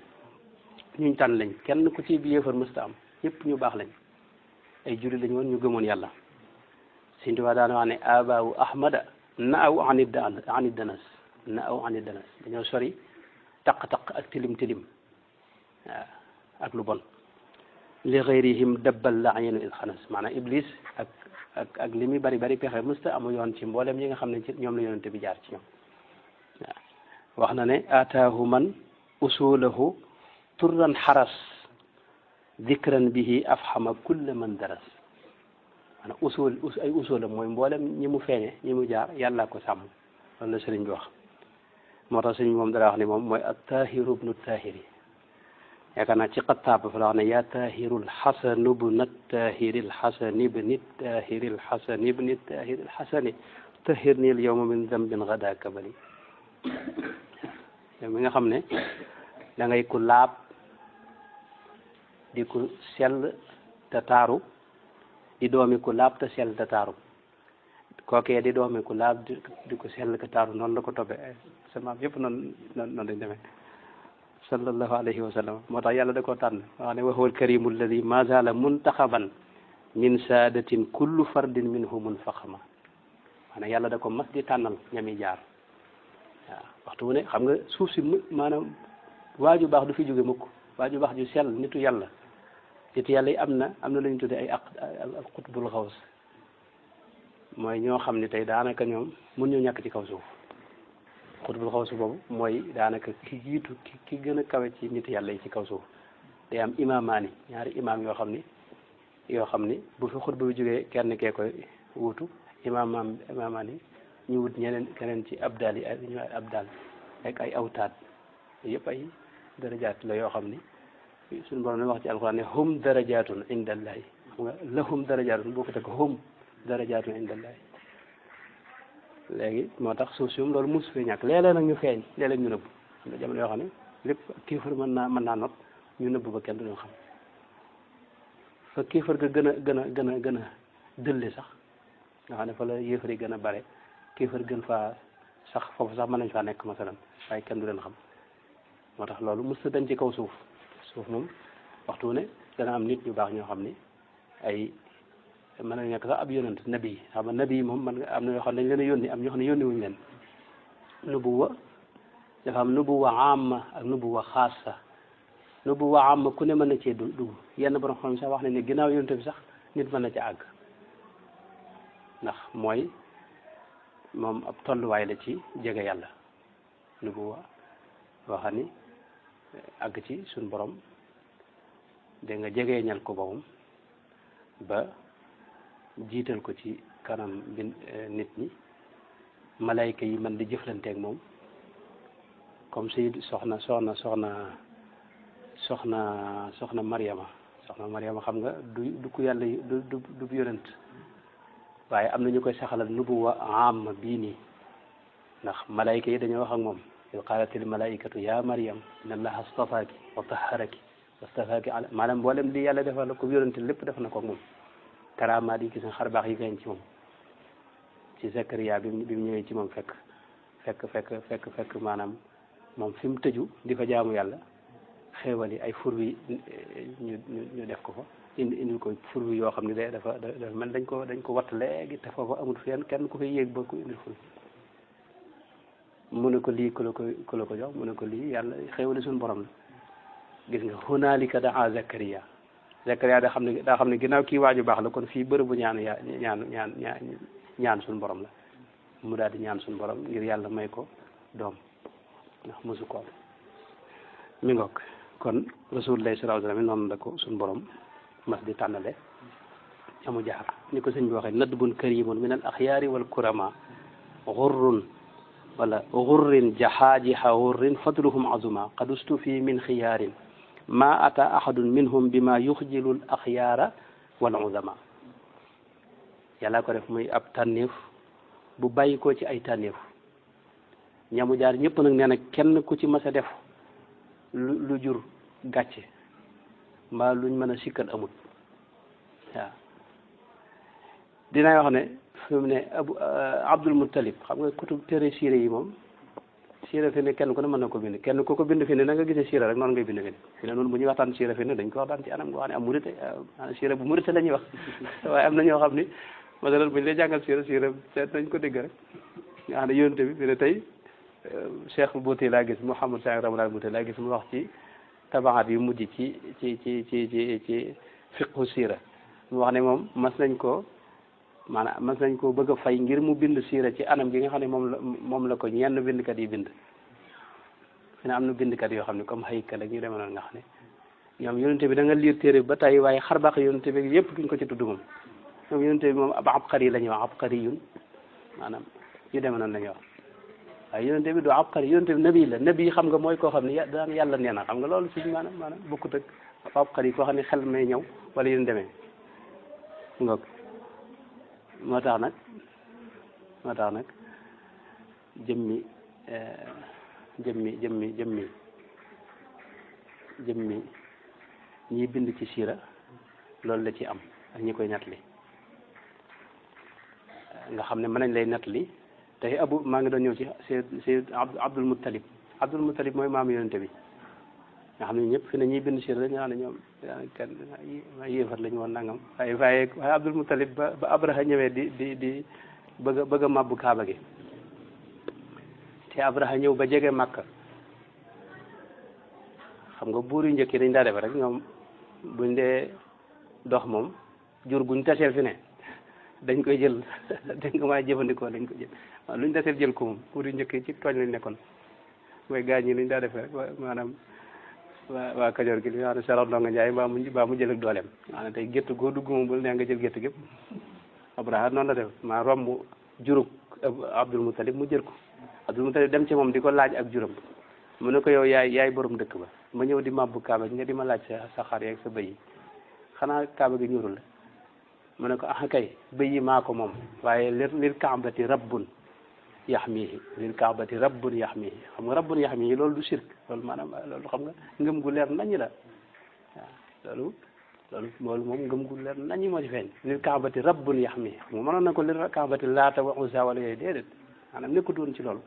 ñuñ tànn lañ kenn ku ci yéefar mësta am ñëpp ñu baax lañ ay jullit lañ woon ñu gëmoon yàlla Sëñ Tuubaa daan wax ne abaawu ahmada na aw anit danas na aw anit danas dañoo sori taq-taq ak tilim tilim waaw ak lu bon li xayrihim dabbal laayinu il xanas maanaam iblis ak ak ak li muy bari bari pexe musta amu yoon ci mboolem ñi nga xam ne ci ñoom la yonente bi jaar ci ñoom waaw wax na ne ataahu man usulahu turran xaras dikran bihi afxama kulla man daras maanaam usul ay usulam mooy mboolem ñi mu feeñe ñi mu jaar yàllaa ko sàmm loolu la sëriñ bi wax moo tax sëriñ moom dara wax ni moom mooy at tahiru bnu tahiri yaakaar naa ci xattaab fa la wax ne yaa tahirul xasan ibna tahiril xasan ibni tahiril xasan ibni tahiril xasani tahir niil yowma min zambin gada kabali yow mi nga xam ne da ngay ku laab di ku sell te taaru di doomi ku laab te sell te taaru kookee di doomi ku laab di ku sell te taaru noonu la ko toppee eh, sama yëpp noonu noonu lañ demee sallallahu alayhi wa sallam moo tax yàlla da koo tànn wax ne waxuwal karimu alladi ma zaala muntaxaban min saadatin kullu fardin minhumun faxama maanaam yàlla da ko mas di tànnal ñami jaar waaw waxtu wu ne xam nga suuf si maanaam waaju baax du fi jóge mukk waaju baax ju sel nitu yàlla nitu yàlla yi am na am na lu ñu tudde ay aq al qutbul xaws mooy ñoo xam ne tey daanaka ñoom mun ñu ñàkk ci kaw suuf xutbul xawsu boobu mooy daanaka ki jiitu ki gën a kawe ci nit yàlla yi ci kaw suuf day am imaamaani ñaari imaam yoo xam ni yoo xam ni bu fi xutba bi kenn ke koy wutu imaamaam imaamaani ñu wut ñeneen keneen ci abdal yi ñu ay abdal ay awtaat yëpp ay darajaat la yoo xam ni suñu borom la wax ci alxuraan ne hum darajaatun indallahi xam nga lahum darajaatun boo ko teg hum darajaatun indallahi léegi moo tax suuf si moom loolu mosu fee ñàkk léeg ñu feeñ léeg ñu nëbb am na jamono yoo xam ne lépp kiifar mën naa mën naa not ñu nëbb ba kenn duñu xam kiifar ga gën a gën a gën a gën a dëlli sax nga ne fa la gën a bare kiifar gën faa sax foofu sax mën nañu faa nekk masalan waaye kenn du leen xam moo tax loolu mos dañ ci kaw suuf suuf moom waxtu ne am nit ñu baax ñoo xam ni ay mën na nekk sax ab yonent nabi xam nga nabi moom man am na yoo xam ne dañ leen a yónni am ñoo xam ne yónni wuñu leen nubuwa dafa am nubuwa amma ak nubuwa xaasa nubuwa amma ku ne mën na cee dugg yenn borom xam sax wax ne ne ginnaaw yonent sax nit mën na ci àgg ndax mooy moom ab tolluwaay la ci jege yàlla nubuwa waxa ni ci suñ borom da nga jegee ñal ko boppam ba jiital ko ci kanam bi e, nit ñi malayka yi man di jëflanteeg moom comme si soxna soxna soxna soxna soxna Mariama soxna Mariama xam nga du du ku yàlla du du du yonent waaye am na ñu koy saxalal nubuwa am bii nii ndax malayka yi dañoo wax ak moom id qaalatil malaikatu ya mariam inna allaha stafaaki wa taharaki wa stafaaki ala maanaam boolem li yàlla defal ko yonent lépp def na ko moom karaamaat yi gis nga xar baax yi feeñ ci moom ci Zakariya bi mu ñëwee ci moom fekk fekk fekk fekk maanaam moom fi mu tëju di fa jaamu yàlla xéewal yi ay fur wi ñu ñu def ko fa indi indi ko fur wi yoo xam ne day dafa dafa mel dañ ko dañ ko watt léegi te foofa amul fenn kenn ku fay yéeg ba ku indi fur mu ne ko lii ku la ko ko jox mu ne ko lii yàlla xéewali suñu borom la gis nga hunaalika daa Zakariya Zakariya daa xam ne daa xam ne ginnaaw kii waaju baax la kon fii bërëbu ñaanu yaa ñaanu ñaan ñaan suñu borom la mu daal di ñaan suñu borom ngir yàlla may ko doom ndax mosu ko mi ngoog kon rasulullah sallallahu alayhi wasallam noonu la ko suñu borom mas di tànnale amu jaar ni ko sëñ bi waxee nadbun karimun min al axyaari wal kurama xurrun wala xurrin jahaajiha xurrin fadluhum azuma qadustu fii min xiyaarin ma ata ahadun minhum bi ma yuxjilul axyaara wal uzama yàlla ko def muy ab tànneef bu bàyyi ko ci ay tànneef ñamu jaar ñépp nag nee kenn ku ci mas a def lu lu jur gàcce mbaa luñ mën a sikkal amut waaw dinay wax ne fi mu ne abu abdul muttalib xam nga kutub téere siire yi moom siira fi ne kenn ku ne mën na ko bind kenn ku ko bind fi na nga gisee siira rek noonu ngay bind fi ne fi ne noonu bu ñuy waxtaan siira fi ne dañ ko waxtaan ci anam goo xam ne am la ñuy wax waaye am na ñoo xam ni seet nañ ko dégg rek nga xam ne yonente bi fi ne tey cheikh Bouti laa gis Mouhamad Cheikh Ramadan Bouti laa gis mu wax ci tabaxaat yu mujj ci ci ci ci ci ci fiqhu siira mu wax ne moom mas nañ ko maanaam mas nañ ko bëgg fay ngir mu bind siira ci anam gi nga xam ne moom la moom la ko ñenn bindkat yi bind fi ne am na bindkat yoo xam ne comme Haykal ak ñu demee noonu nga ñoom yonente bi da nga liir téere ba tey waaye xarbaax yonente bi yëpp duñ ko ci tudd moom ñoom yonente bi moom ab abqari la ñuy wax abqari yun maanaam ñu demee noonu la ñuy wax waaye yonente bi du abqari yonente bi nabi xam nga mooy koo xam ne daan yàlla nee na xam nga loolu suñ maanaam maanaam bokkut ak ab abqari koo xam ne xel may ñëw wala yéen demee moo tax nag moo tax nag jëmmi eh, jëmmi jëmmi jëmmi jëmmi ñi bind ci siira loolu la ci am ak ñi koy nettali nga xam ne mën nañ lay li te abu maa ngi doon ñëw ci si si Abdul Muttalib Abdul Muttalib mooy maamu yonente bi nga xam ne ñëpp fi ne ñuy bind siira dañu xam ne ñoom kan ay yéefar lañu woon nangam waaye waaye waaye Abdul Muttalib ba ba ñëwee di di di bëgg màbb bëgg a màbbu Kaaba gi te Abraha ñëw ba jege Makka xam nga buur yu njëkk yi dañ daa defe rek ñoom buñ dee dox moom jur guñ taseel koy jël dañ ko jëfandikoo dañ luñ taseel jël ko moom buur yu njëkk yi ci tooñ lañ nekkoon mooy gaañ ñi daa defee rek waa waa Kajoor gi li ñu wax ne Sera Ndonga Ndiaye baa mu mbaa mu jël ak dooleem maanaam tey gétt goo dugg moom nga jël gétt gépp Abraha noonu la def maa romb jurug Abdul Mutalib mu jël ko Abdul Mutalib dem ci moom di ko laaj ak juróom mu ne ko yow yaay yaay boroom dëkk ba ma ñëw di màbbu kaaba nga di ma laaj sa sa xar yeeg sa bëy yi xanaa kaaba gi ñuurul la mu ne ko ah kay bëy yi maa ko moom waaye li li kaabati rabbun yax yaxmihi lil kaabati rabbun yaxmihi xam nga rabbun yaxmihi loolu du shirk loolu maanaam loolu xam nga ngëm gu leer nañu la waaw loolu loolu loolu moom ngëm gu leer nañu moo ci feeñ lil kaabati rabbun yaxmihi xam nga mënoon na ko lil kaabati laata wa uzza wala yooyu déedéet maanaam nekkut woon ci loolu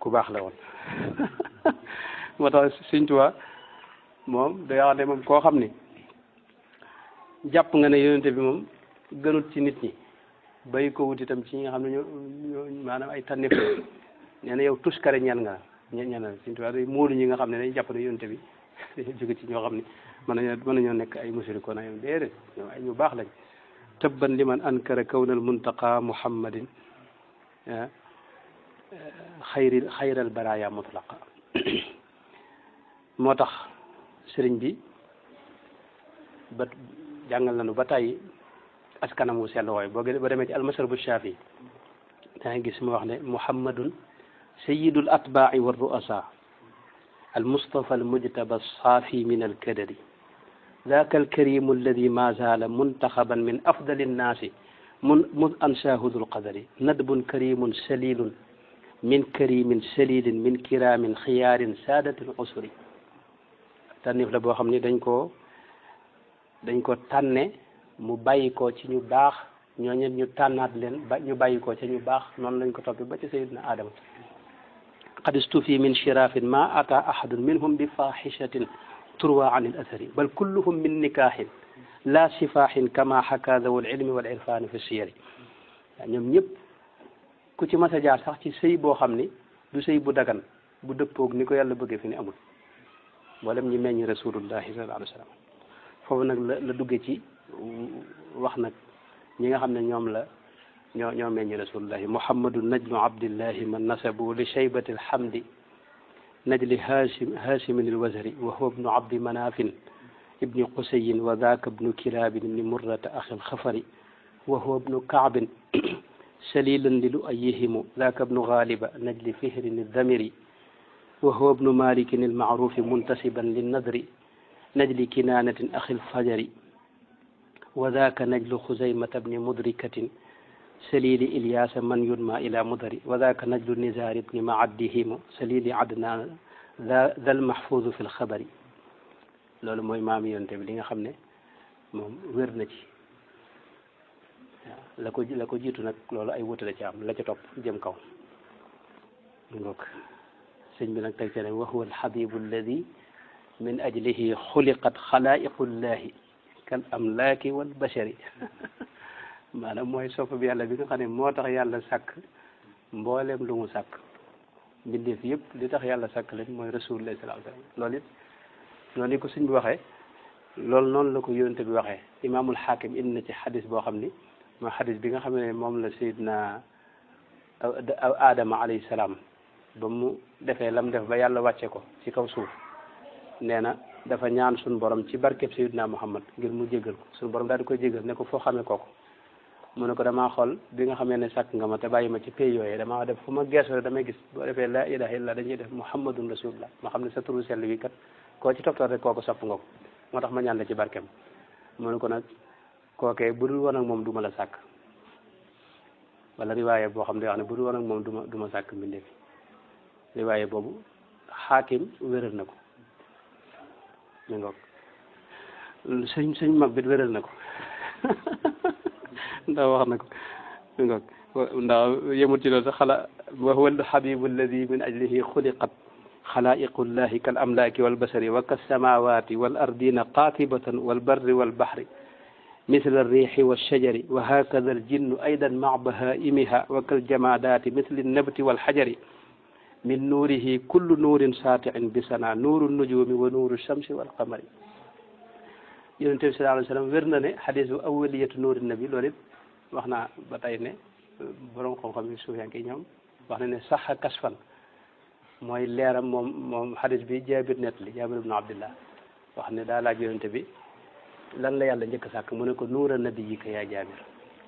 ku baax la woon moo tax Sëñ Tuubaa moom day wax ne moom koo xam ni jàpp nga ne yonente bi moom gënut ci nit ñi bay ko wut itam ci ñi nga xam ne ñoo maanaam ay tan nee na yow tuskare ñan nga ñan nga suñu tubaab day móolu ñi nga xam ne dañuy jàpp ne yonte bi ci ñoo xam ne mën nañoo mën nañoo nekk ay musrikoon ay déedéet ñoom ay ñu baax lañ tabban liman ankara kawnal muntaqa muhammadin ah, xayril xayral baraya mutlaqa moo tax sëriñ bi ba jàngal nañu ba tàyyi askanam wu sell wooy boo ba demee ci almasar bu shaafi da ngay gis mu wax ne muhammadun sayidul atbaai wa ruasa al mustafa al mujtaba saafi min al kadari ذاك الكريم الذي ما زال منتخبا من أفضل الناس من مذ أنساه ذو القدر ندب كريم سليل من كريم سليل من كرام خيار سادة العسر tànneef la boo xam ne dañ koo dañ ko tànne mu bàyyi ko ci ñu baax ñooñu ñu tànnaat leen ba ñu bàyyi ko ci ñu baax noonu lañ ko toppee ba ci sayidna Adama qad istufi min shirafin ma ata ahadun minhum bi fahishatin turwa an il athari bal kulluhum min nikahin la sifahin kama haka zawul ilmi wal irfani ñoom ñëpp ku ci mas a sax ci sëy boo xam ni du sëy bu dagan bu dëppoog ni ko yàlla bëggee fi ni amul mboolem ñi meññ rasulullahi sallallahu alayhi wa sallam foofu ci wax nag ñi nga xam ne ñoom la ñoo ñoo meññ rasulullahi muhammadu najmu abdillahi man nasabu li shaybati alhamdi najli hashim hashimin alwazari wa huwa ibnu abdi manafin ibni qusayin wa daaka ibnu kilaabin ibni murrata axi alxafari wa huwa ibnu kaabin salilan li lu'ayihimu daaka ibnu gaaliba najli fihrin aldamiri wa huwa ibnu malikin almacrufi muntasiban linnadri najli kinaanatin axi alfajari وذاك نجل خزيمة بن مدركة سليل إلياس من ينمى إلى مدري وذاك نجل نزار بن معدهم سليل عدنان ذا المحفوظ في الخبر loolu mooy maam yonte bi li nga xam ne moom wér na ci la ko la ko jiitu nag loolu ay wuute la ci am la ca topp jëm kaw ngok sëñ bi nag teg ca ne wa huwa alxabibu alladi min ajlihi xuliqat xalaiqullahi kan am laaki wal bashari maanaam mooy sopp bi yàlla bi nga xam ne moo tax yàlla sàkk mbooleem lu mu sàkk mbindeef yëpp li tax yàlla sàkk leen mooy rasulullah sallallahu alayhi wasallam loolu it noonu ko suñ bi waxee loolu noonu la ko yonent bi waxee imaamul xaakim indi na ci xadis boo xam ni mooy xadis bi nga xam ne moom la seyd sayidna aadama alayhi salaam ba mu defee mu def ba yàlla wàcce ko ci kaw suuf nee dafa ñaan suñu borom ci barkeb Sayyidina Muhammad ngir mu jégal ko suñu borom daal di koy jégal ne ko foo xamee kooku mu ne ko damaa xool bi nga xamee ne sàkk nga ma te bàyyi ma ci pay yi damaa def fu ma geesoo damay gis boo defee la ilaha illa dañuy def muhammadun rasulullah ma xam ne sa turu sell wi kat koo ci toppatoo rek kooku sopp nga ko moo tax ma ñaan la ci barkeem mu ne ko nag kookee bu dul woon ak moom du ma la sàkk wala riwaaye boo xam ne wax ne bu dul woon ak moom du du ma sàkk mbindeef riwaaye boobu xaakim wéral na ko mi ngoog sëñ sëñ mag bi wéral na ko ndax wax na ko mi ngoog ndax yemul ci loolu sax xala wa huwa alxabibu alladi min ajlihi xuliqat xalaayiqu llahi kal amlaaki wal basari wa kassamaawaati wal ardina qaatibatan wal barri wal baxri misla riixi wa shajari wa hakada aljinnu aydan maa bahaimiha wa kal jamaadaati misli nabti wal xajari min nuurihi kullu nuurin saatiin bi sana nuuru nujumi wa nuuru shamsi wal qamari yonent bi sallallahu alayhi na ne xadis bu wax naa ba tey ne borom xam-xam yi ñoom wax na ne saxa kasfan mooy leeram moom moom xadis bi jaabir nett li jaabir ibnu abdillah wax ne daa laaj yonent bi lan la yàlla njëkk sàkk mu ne ko nuura nabi yi yaa jaabir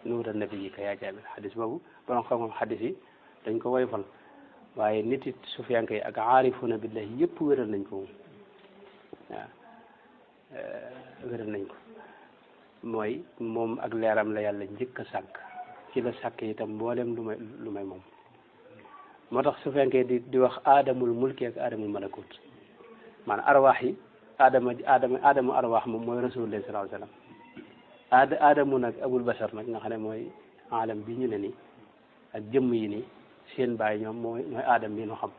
nuura nabi yi yaa jaabir xadis boobu borom xam-xam xadis dañ ko woyfal waaye nit it sufiyanke yi ak aarifuna billahi yëpp wéral nañ ko moom eh, nañ mooy moom ak leeram la yàlla njëkk a sàkk ci la sàkk itam mboolem lu may lu may moom moo tax su fekkee di di wax aadamul mulki ak aadamul malakut maanaam arwaax yi aadama aadama aadamu arwaax moom mooy rasulullah sallallahu alayhi wasallam aada aadamu nag abul bashar nag nga xam ne mooy alam bi ñu ne nii ak jëmm yi nii seen baay ñoom mooy mooy aadam bi nu xam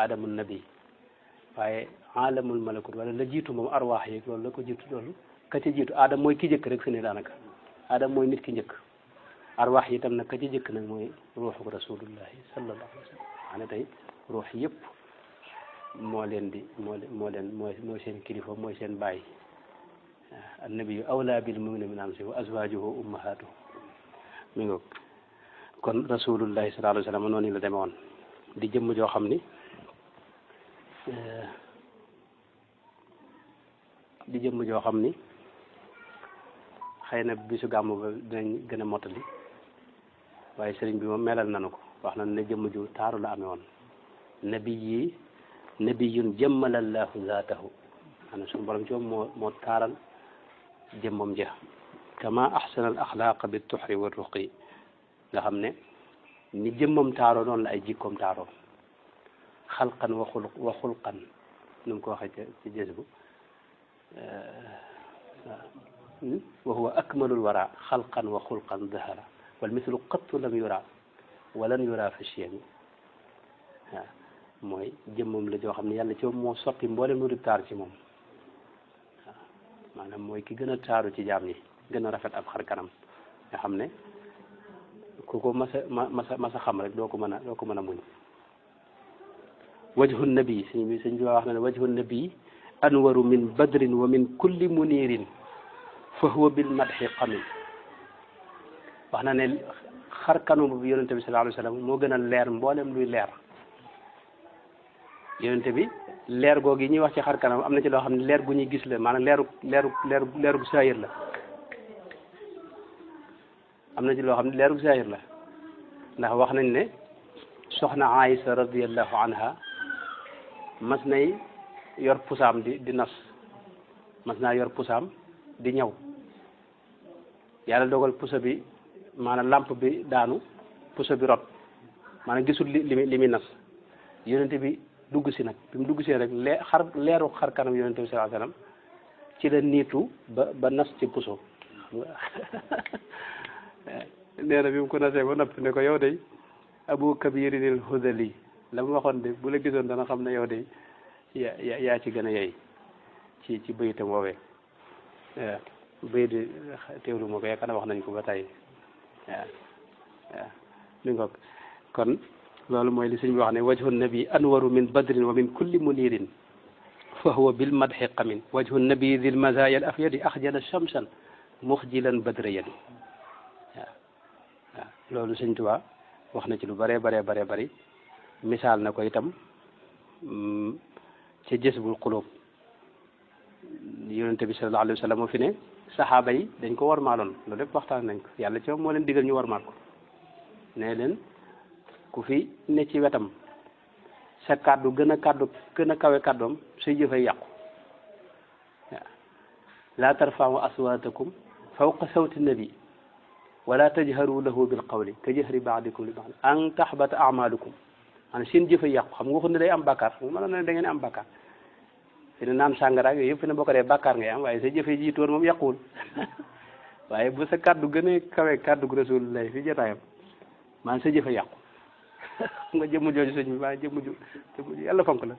aadamu nabi waaye alamul malakut wala la jiitu moom arwaax yeeg loolu la ko jiitu loolu ka ci jiitu aadam mooy ki jëkk rek su ne daanaka aadam mooy nit ki njëkk arwaax yi tam nag ka ci jëkk nag mooy ruuxu rasulullahi sallallahu alayhi wa sallam xam ne tey ruux di moo leen moo mooy seen kilifa mooy seen baay annabiyu awlaa bil mu'minina min anfusihi wa azwaajuhu ummahatuhum mi kon rasulullahi sallallahu alayhi wa sallam noonu la deme woon di jëmm joo xam ni eh, di jëmm joo xam ni xëy na bisu gàmm ba dinañ gën a mottali waaye sëriñ bi moom melal nanu ko wax na ne jëmm ju taaru la amee woon nabi yi nabiyun jëmmalallahu zaatahu maanaam suñu borom ci moom moo moo taaral jëmmam ja kama ahsana al axlaaqa bi tuxri wa ruqi nga xam ne ni jëmmam taaroo noonu la ay jikkoom taaroo xalqan waxul waxul xan xulqan nu mu ko waxee ca ci jës bu waxul huwa akmalul wara xalqan wa xulqan zahara wal mislu qattu lam yura walan yura fi chiyami waaw mooy jëmmam la joo xam ne yàlla ci moom moo sotti mboolem lu di taar ci moom maanaam mooy ki gën a taaru ci jaam yi gën a rafet ab xar nga xam ne ku ko mas a mas a mas a xam rek doo ko mën a doo a muñ wajhu nabi sëñ bi sëñ bi wax na ne wajhu nabi anwaru min badrin wa min kulli munirin fa huwa bil madxi qamin wax na ne xar kanam bi yonente bi sallallahu alayhi wa sallam moo gën a leer mboolem luy leer yonente bi leer googu yi ñuy wax ci xar kanam am na ci loo xam ne leer gu ñuy gis la maanaam leeru leeru leeru leeru saayir la am na loo xam ne leerug saahir la ndax wax nañ ne soxna Aïsa radiallahu anha mas nay yor pusaam di di nas mas naa yor pusaam di ñaw yàlla dogal pusa bi maanaam làmp bi daanu pusa bi rot maanaam gisul li li li muy nas yonente bi dugg si nag bi mu dugg si rek lee xar leeru xar kanam yonente bi sallallahu alayhi wasallam ci la niitu ba nas ci puso nee na bi mu ko nasee ba noppi ne ko yow day abu kabirinil hudali la mu waxoon de bu la gisoon dana xam ne yow day yaa yaa ci gën a yey ci ci bayitam woowee waaw bayit bi teewlu ma ko yaakaar naa wax nañ ko ba tey waaw waaw li nga kon loolu mooy li sëñ bi wax ne wajhu nabi anwaru min badrin wa min kulli munirin fa huwa bil madxi qamin wajhu nabi dil mazaaya al afyadi axjala shamsan muxjilan badrayan loolu sëñ Tuubaa wax na ci lu bare bare bare bari misaal na ko itam mm, ca jës bul xulóob yonente bi sallallahu alayhi wa moo fi ne saxaaba yi dañ ko warmaaloon loolu lépp waxtaan nañ ko yàlla ci moom moo leen digal ñu warmaal ko ne leen ku fi ne ci wetam sa kàddu gën a kàddu gën a kawe kàddoom say jëfay yàqu waaw laa tarfa'u aswaatakum fawqa sawti nabi wala tajharu lahu bil qawli ka jahri baadikum li baad an tahbata amalukum maanaam seen jëfa yàqu xam nga waxut ne day am bàkkaar mu mën na da ngeen am bàkkaar fi ne naan sàngara ak yooyu yëpp fi ne boo ko dee bàkkaar ngay am waaye sa jëfe ji toon moom yàquwul waaye bu sa kàddu gën a kawe kàddu gu rasulullah fi jotaayam maanaam sa jëfe yàqu xam nga jëmm jooju sëñ bi maanaam jëmm ju jëmm ju yàlla fonk la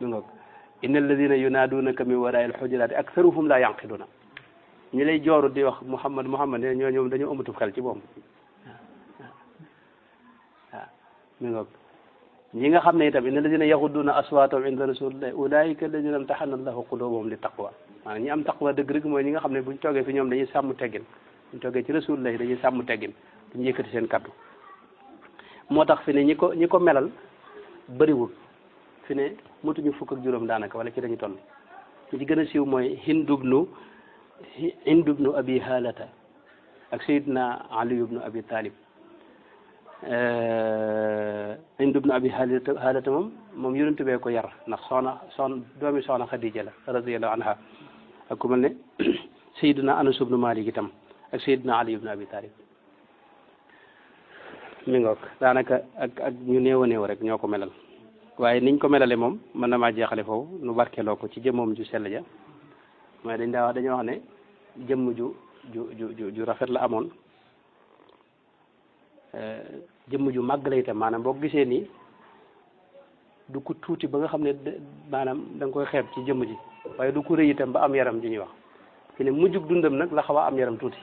lu nga innal ladina yunaadunaka min waraa'il hujuraati aktharuhum laa yanqiluna ñu lay jooru di wax Muhammad Muhammad ne ñoo ñoom dañoo ëmmatub xel ci moom waaw mi ngoog ñi nga xam ne itam inna alladina yaxudduna aswaatahum inda rasulillah ulaika alladina amtaxana allahu qulubuhum li taqwa maanaam ñi am taqwa dëgg rek mooy ñi nga xam ne buñ toogee fi ñoom dañuy sàmm teggin buñ toogee ci rasulillah dañuy sàmm teggin duñ yëkkati seen kaddu moo tax fi ne ñi ko ñi ko melal bariwul fi ne mutuñu fukk ak juróom daanaka wala ci dañu toll ñi ci gën a siiw mooy Hind ibnu Hind ibnu Abi Haalata ak Seydina Ali ibnu Abi Talib eh, moom moom yonent bee ko yar ndax soxna son doomi soxna Xadija la radiyallahu anha ak ku mel ne Seydina Anas ibnu Malik itam ak Seydina Ali ibnu Abi Talib mi ngoog daanaka ak ak ñu néew a néew rek ñoo ko melal waaye niñ ko melale moom mën na maa jeexale foofu nu barkeloo ko ci jëmoom ju sell ja mooy dañ daa wax dañoo wax ne jëmm ju ju ju ju rafet la amoon euh, jëmm ju màgg la itam maanaam boo gisee nii du ko tuuti ba nga xam ne maanaam da koy xeeb ci jëmm ji waaye du ko rëy itam ba am yaram ji ñuy wax fi ne mujjug dundam nag la xaw a am yaram tuuti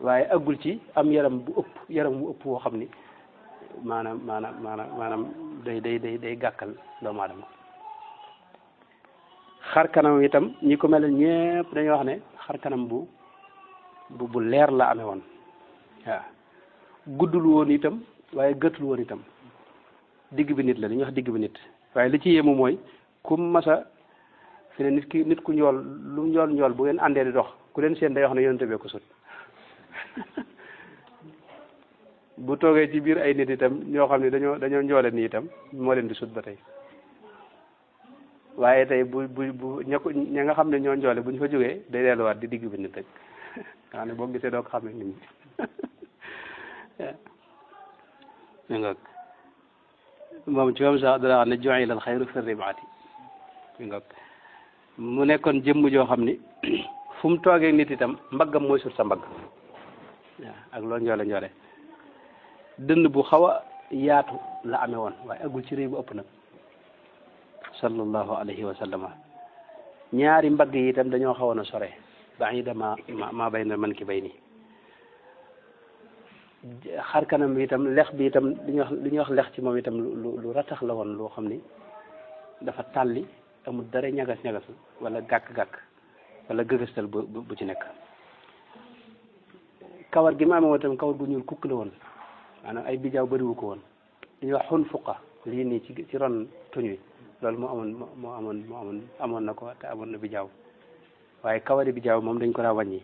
waaye aggul ci am yaram bu ëpp yaram bu ëpp woo xam ni maanaam maanaam maanaam maanaam day day day gàkkal doomu xar kanam itam ñi ko melal ñëpp dañuy wax ne xar kanam bu bu bu leer la amee woon waaw guddul woon itam waaye gàttul woon itam digg bi nit la li ñuy wax digg bi nit waaye li ci yéemu mooy ku masa fi ne nit ki nit ku njool lu njool njool bu ngeen àndee di dox ku leen seen day wax ne yonente bee ko sut bu toogee ci biir ay nit itam ñoo xam ne dañoo dañoo njoole nii itam moo leen di sut ba tey waaye tey bu bu bu ña ko ña nga xam ne ñoo njoole bu ñu fa jógee day delluwaat di digg bi nit rek nga xam ne boo gisee doo ko xamee moom ci moom sax dana wax ne ju'ila al xayru fi ribaati nga mu nekkoon jëmm joo xam ni fu toogee nit itam mbaggam mooy sut sa mbag waaw ak loo njoole njoole dënn bu xaw a yaatu la amee woon waaye agul ci réy bu ëpp nag sallallahu alayhi wa sallama ñaari mbagg yi itam dañoo xawoon a sore baida ma ma bayna man ki bay nii xar kanam bi itam lex bi itam li ñuy wax ñuy wax lex ci moom itam lu lu ratax la woon loo xam ni dafa tàlli amul dara ñagas ñagas wala gàkk-gàkk wala gëgëstal bu bu ci nekk kawar gi ma amee woon itam kawar gu ñuul kukk la woon maanaam ay bijaaw bëriwu ko woon li ñuy wax xun fuqa lii nii ci ron tuñ wi loolu moo amoon moo amoon moo amoon na ko te amoon na bijaaw waaye kawari bijaaw moom dañ ko daa wàññi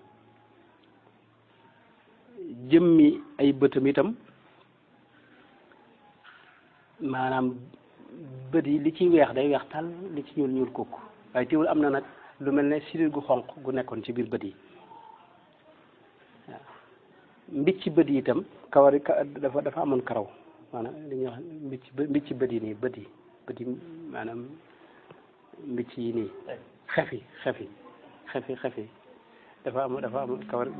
jëmmi ay bëtam itam maanaam bët yi li ciy weex day weex tal li ci ñuul ñuul kukk waaye teewul am na nag lu mel ne sidit gu xonq gu nekkoon ci biir bët yi waaw mbicc bët yi itam kawari dafa dafa amoon karaw maanaam li ñuy bët yi nii bët yi petit maanaam mbicc yi nii xefi xefi xefi xefi dafa am dafa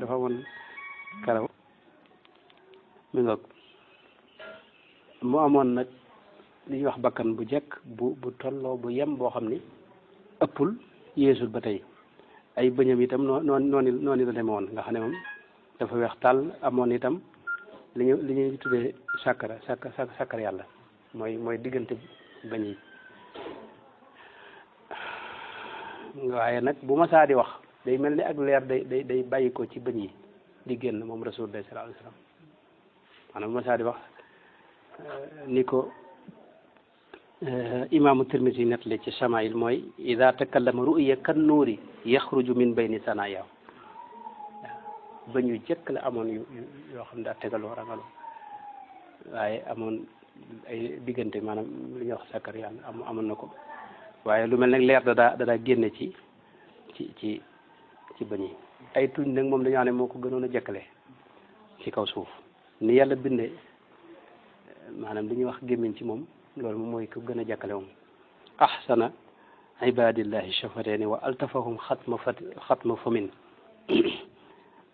dafa amoon karaw mi ngoog mu amoon nag li ñuy wax bakkan bu jekk bu bu tolloo bu yem boo xam ni ëppul yéesul ba tey ay bëñam itam noo noon nooni nooni la deme woon nga xam ne moom dafa weex tàll amoon itam li ñu li ñuy tuddee sàkkara sàkk sàkkar yàlla mooy mooy diggante bañ yi waaye nag bu ma saa di wax day mel ni ak leer day day day bàyyi ko ci bañ yi di génn moom rasul day sallallahu alayhi wasallam maanaam bu ma saa di wax eh, ni ko eh, imaamu tirmisi nettali ci samail mooy ida takallama ru'ya kan nuuri yaxruju min bayni sanaayaw bañ yu jëkk la amoon yu yoo xam daa tegaloo ragaloo waaye amoon ay diggante maanaam li ñuy wax sakariyaan am amoon na ko waaye lu mel nag leer dadaa dadaa génne ci ci ci ci bëñ yi ay tuñ nag moom dañoo ne moo ko gënoon a jëkkale ci kaw suuf ni yàlla binde maanaam li ñuy wax gémmiñ ci moom loolu moom mooy ko gën a jàkkale moom ahsana ibadillahi shafateeni wa altafahum xatma fat xatma famin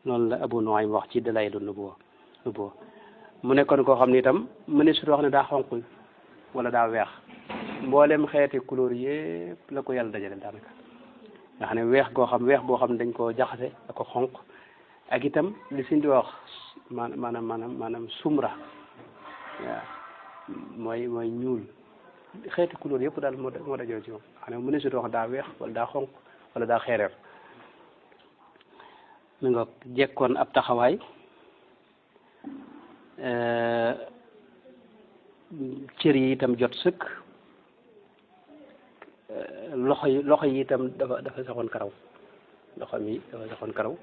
noonu la abu nuaym wax ci dalailun nubuwa nubuwa mu nekkoon koo xam ne itam mëneesut wax ne daa xonq wala daa weex mbooleem xeeti couleur yëpp la ko yàlla dajale daanaka nga ne weex goo xam weex boo xam ne dañ koo jaxase ak xonq ak itam li suñ di wax maanaam maanaam maanaam sumra mooy mooy ñuul xeeti couleur yëpp daal moo dajoo ci moom xam ne mëneesut wax daa weex wala daa xonq wala daa xeereer mi nga jekkoon ab taxawaay Eh, cër yi itam jot sëkk eh, loxo yi loxo yi itam dafa dafa saxoon karaw loxo mi dafa saxoon karaw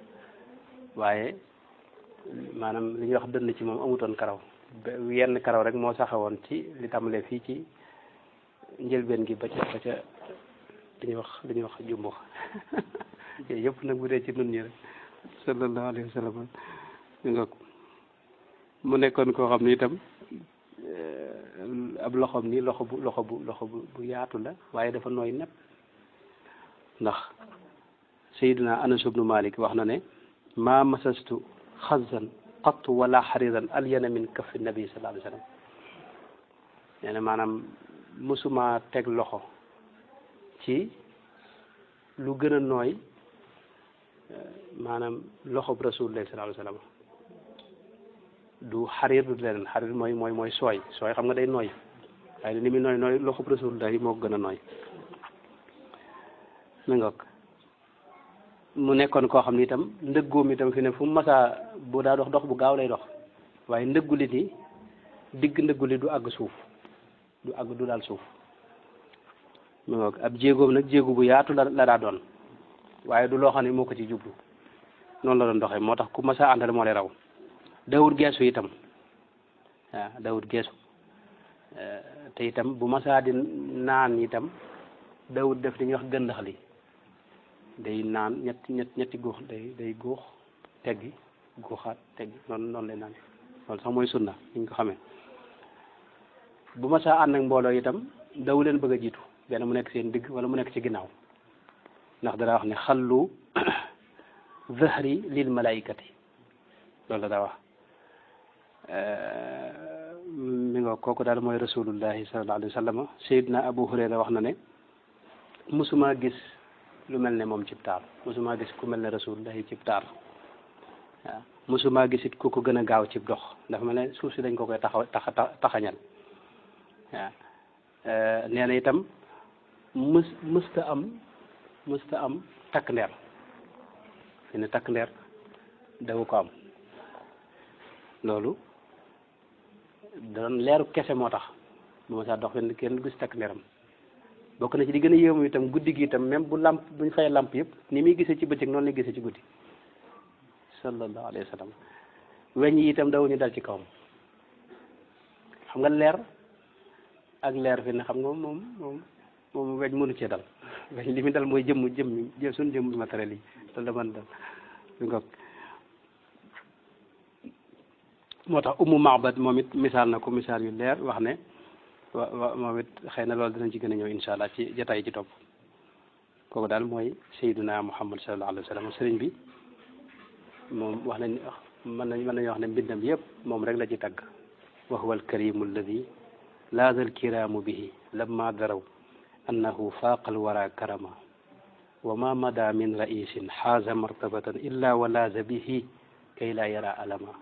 waaye maanaam li ñuy wax dënn ci moom amutoon karaw yenn karaw rek moo saxawoon ci li tàmbalee fii ci njëlbeen gi ba ca ba ca li wax li ñuy yooyu yëpp nag bu dee ci nun ñi rek sallallahu alayhi wa sallam mu nekkoon koo xam ne itam eh, ab loxoom ni loxo bu loxo bu loxo yaatu la waaye dafa nooy nepp ndax sayidina anas ibnu malik wax na ne ma masastu xazan qattu wala xariran alyana min kaffi nabi sallallahu alayhi wasallam nee na maanaam mësuma teg loxo ci lu gën a nooy eh, maanaam loxo bu rasulullah sallallahu alayhi du xariir du leneen xariir mooy mooy sooy sooy xam nga day nooy waaye li muy nooy nooy loxo rasulullah yi moo ko gën a nooy na mu nekkoon koo xam ne itam ndëggoom itam fi ne fu mu masaa bu daa dox dox bu gaaw lay dox waaye ndëggu li di digg ndëggu li du àgg suuf du àgg du daal suuf mu ngoog ab jéegoom nag jéego bu yaatu la la daa doon waaye du loo xam ne moo ko ci jublu noonu la doon doxee moo tax ku masaa àndal moo lay raw daawut geesu itam waaw daawut geesu eh, te itam bu masaa di naan itam daawut def li ñuy wax gëndax li day naan ñetti ñetti ñetti góox day day góox teggi góoxaat teggi noonu noonu lay naan loolu sax mooy sunna na ñu ko xamee bu masaa ànd ak mbooloo itam daw leen bëgg a jiitu benn mu nekk seen digg wala mu nekk ci ginnaaw ndax dara wax ne xallu zahri lil malaikati loolu la daa wax Euh, mi nga kooku daal mooy rasulullahi sallallahu alayhi wa sallam sayidna abu hurayra wax na ne musuma gis lu mel ne moom cib taar musuma gis ku mel ne rasulullahi cib taar waaw musuma gis it ku ko gën a gaaw cib dox dafa mel ne suuf si dañ ko koy taxaw taxa taxañal waaw euh, nee na itam mës am mësta am takk ndeer fi takk ndeer dawu ko am loolu danoon leeru kese moo tax mu saa dox fenn kenn gis takk leeram bokk na ci di gën a yéemu itam guddi gi itam même bu làmp buñ ñu fay làmp yëpp ni muy gisee ci bëccëg noonu la gisee ci guddi sallallahu alayhi wa sallam weñ yi itam dawuñu dal ci kawam xam nga leer ak leer fi ne xam nga moom moom moom weñ mënu cee dal weñ li mu dal mooy jëmm jëmm jëm suñu jëmm matériel yi loolu da mën moo tax ummu mahbad moom it misaal na ko misaal yu leer wax ne wa moom it xëy na loolu dinañ ci gën a ñëw incha allah ci jataay ci topp kooku daal mooy sayyiduna muhammad sallallahu alayhi wa sallam sëriñ bi moom wax nañ mën nañ mën nañu wax ne mbindam yëpp moom rek la ci tagg wa huwa alkarimu alladi laada alkiraamu bihi lamma daraw annahu faaqa alwara karama wa ma mada min raisin xaaza martabatan illa wa laaza bihi kay la yara alama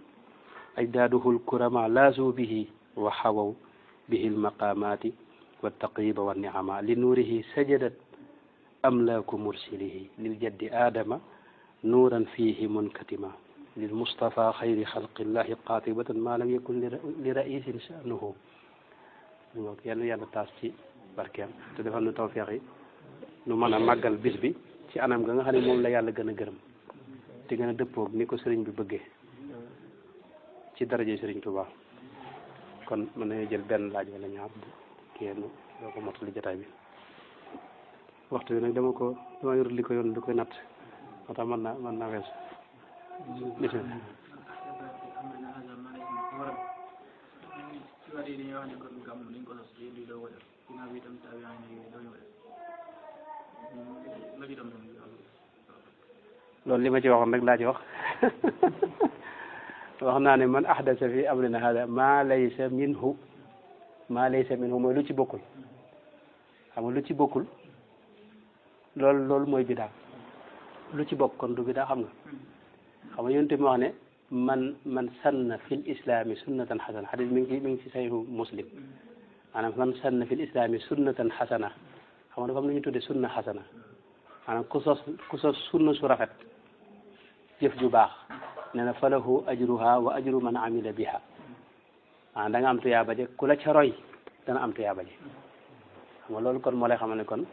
أجداده الكرماء لازوا به وحووا به المقامات والتقريب والنعماء لنوره سجدت أملاك مرسله للجد آدم نورا فيه منكتما للمصطفى خير خلق الله قاطبة ما لم يكن لرئيس شأنه yàlla yàlla taas ci barkeem te defal nu tawfeex yi nu mën a màggal bis bi ci anam ga nga xam ne moom la yàlla gën a gërëm te gën a dëppoog ni ko sëriñ bi bëggee ci daraje Serigne Touba kon mën nañu jël benn laaj wala ñaar bu kenn doo ko mottali jotaay bi waxtu bi nag dama ko dama yor li koy natt moo tax mën naa li ma ci waxoon rek laa ci wax wax naa ne man ahdasa fi amrina hada maa laysa minhu maa laysa minhu mooy lu ci bokkul xam nga lu ci bokkul loolu loolu mooy bidaa lu ci bokk kon du bidaa xam nga xam nga yonte mi wax ne man man sanna fil islami sunnatan xasana xadis mi ngi mi ngi ci sahihu muslim maanaam man sanna fil islami sunnatan xasana xam nga dafa am lu ñu tudde sunna xasana maanaam ku sos ku sos sunna su rafet jëf ju baax ne na falahu ajruha wa ajru man amila biha ah da nga am tuyaaba je ku la ca roy dana am tuyaaba je xam nga loolu kon moo lay xamal ne kon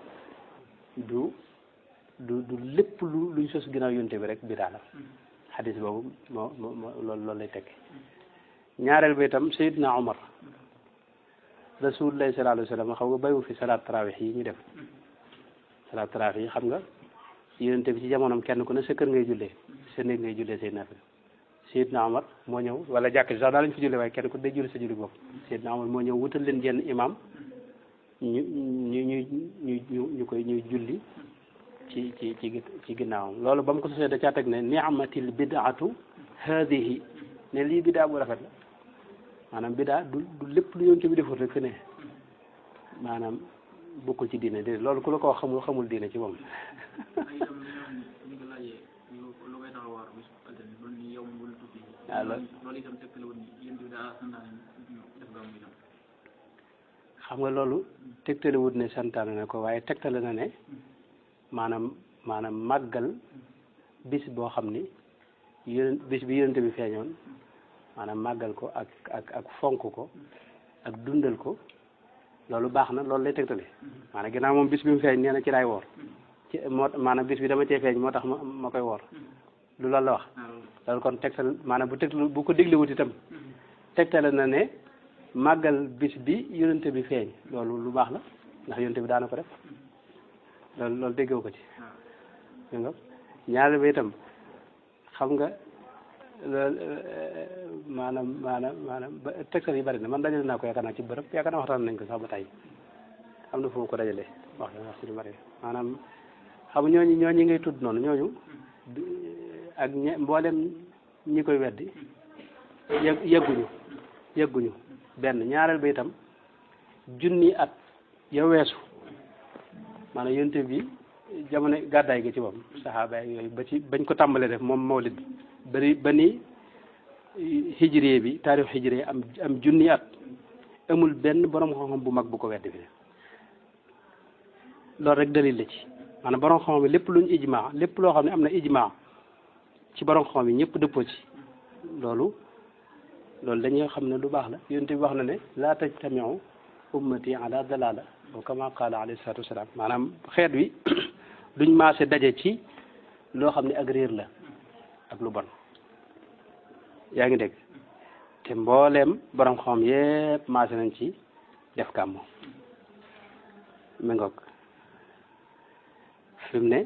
du lépp lu luñ sos ginnaaw yonte bi rek bidaa la xadis boobu moo moo loolu loolu lay tekki ñaareel bi itam sayidna Omar rasulullahi sallallahu alayhi wa sallam yi ñu def salaat tarawih xam nga yonte bi ci jamonoom kenn ku ne sa kër ngay jullee sa néeg ngay jullee say naafila Seydina Omar moo ñëw wala jàkk sax daa lañ fa julli waaye kenn ku day julli sa julli bopp Seydina Omar moo ñëw wutal leen jenn imam ñu ñu ñu ñu ñu koy ñuy julli ci ci ci ci ginnaawam loolu ba mu ko sosee da caa teg ne ni'matil bid'atu haadihi ne lii biddaa bu rafet la maanaam biddaa du lépp lu yonent bi defut rek fi ne maanaam bokkul ci diine de loolu ku la ko wax xamul xamul diine ci moom xam nga loolu tegtale wut ne santaane na ko waaye tegtale na ne maanaam maanaam màggal bis boo xam ni yéen bis bi yonent bi feeñoon maanaam màggal ko ak ak ak fonk ko ak dundal ko loolu baax na loolu lay tegtale maanaam ginnaaw moom bis bi mu feeñ nee na ci laay woor ci moo maanaam bis bi dama cee feeñ moo tax ma ma koy woor du loolu la wax ah, loolu kon tegtal maanaam bu tegtal bu ko déglewut itam mm-hmm. tegtale na ne màggal bis bi yonente bi feeñ loolu lu baax la ndax yonente bi daana ko def loolu loolu ko ci ah. dégg nga ñaareel ba itam xam nga loolu maanaam maanaam maanaam yi bari na man dajale naa ko yaakaar ci bërëb yaakaar waxtaan nañ ko sax ba tey am na fu ko dajalee wax wax ci lu bari maanaam xam ñooñu ñooñu ngay tudd noonu ñooñu mm-hmm. ak ñe mboolem ñi koy weddi yë yëgguñu yëgguñu benn ñaareel ba itam junni at ya weesu maanaam yonte bi jamono gàddaay gi ci moom saxaaba yooyu ba ci bañ ko tàmbalee def moom mawlid bi ba ni hijriyee bi taarix hijriyee am am junni at amul benn borom xam-xam bu mag bu ko weddi fi loolu rek dalil la ci maanaam borom xam-xam lépp luñ ijmaa lépp loo xam ne am na ijmaa ci borom xam yi ñëpp dëppoo ci loolu loolu dañuy xam ne lu baax la yonent bi wax na ne laa tajtamiu ummati ala dalala wa kama qaala alayhi salaatu wasalaam maanaam xeet wi duñ maase daje ci loo xam ne ak réer la ak lu bon yaa ngi dégg te mbooleem borom xam yépp maase nañ ci def kàmm mi ngoog ne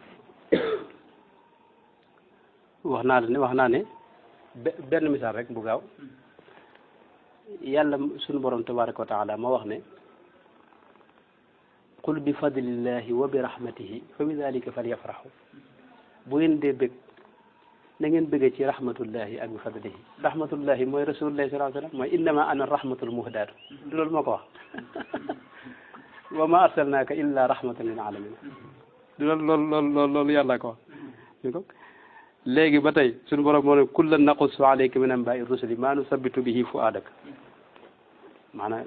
wax naa ne wax naa ne benn misaal rek bu gaaw yàlla sunu borom tabaraka wa taala moo wax ne qul bi fadlillahi wa bi fa bi dalika fal yafraxu bu ngeen dee bëggee ci rahmatullahi ak bi fadlihi rahmatullahi mooy rasulullahi sallallahu alayhi wasallam mooy innama ana rahmatul muhdaatu loolu moo ko wax wa ma arsalnaaka illa rahmatan lil alamin loolu loolu loolu yàlla ko léegi ba tey suñu borom moo ne kullan naqussu alayka min anbaai rusuli maa nusabbitu bihi fuadak maanaam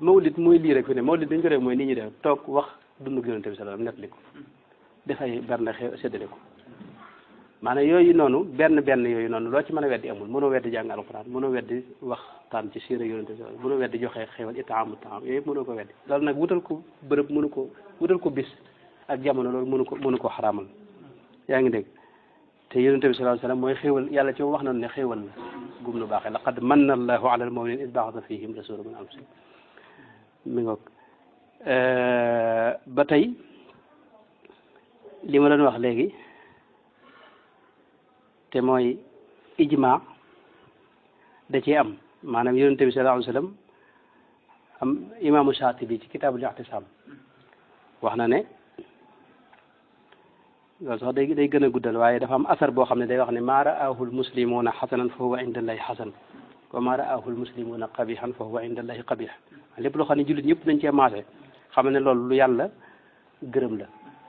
mawlid mooy lii rek fi ne mawlid dañ ko mooy nit ñi de toog wax dund ak yonente bi salaam net li ko dafay berne xew séddale ko maanaam yooyu noonu benn benn yooyu noonu loo ci mën a weddi amul mënoo weddi jàng alquran mënoo weddi wax taan ci siira yonente bi salaam mënoo weddi joxe xewal itaamu taam yooyu mënoo ko weddi loolu nag wutal ko bërëb mënu ko wutal ko bis ak jamono loolu mënu ko mënu ko xaraamal yaa ngi dégg te yonent bi sallallahu alayhi wasallam mooy xéewal yàlla ci wax nañu ne xéewal la gum nu baaxee laqad manna allahu ala almu'minin id ba'atha fihim rasulun min anfusihim mi ngoog euh, ba tey li ma loon wax léegi te mooy ijma da cee am maanaam yonent bi sallallahu alayhi wasallam am ci kitaabul i'tisaam wax na loolu sax day day gën a guddal waaye dafa am asar boo xam ne day wax ne maa raahul muslimuuna xasanan fa huwa indallahi xasan wa maa raahul muslimuuna qabihan fa huwa indallahi qabih lépp loo xam ne jullit ñëpp dañ cee maase xam ne loolu lu yàlla gërëm la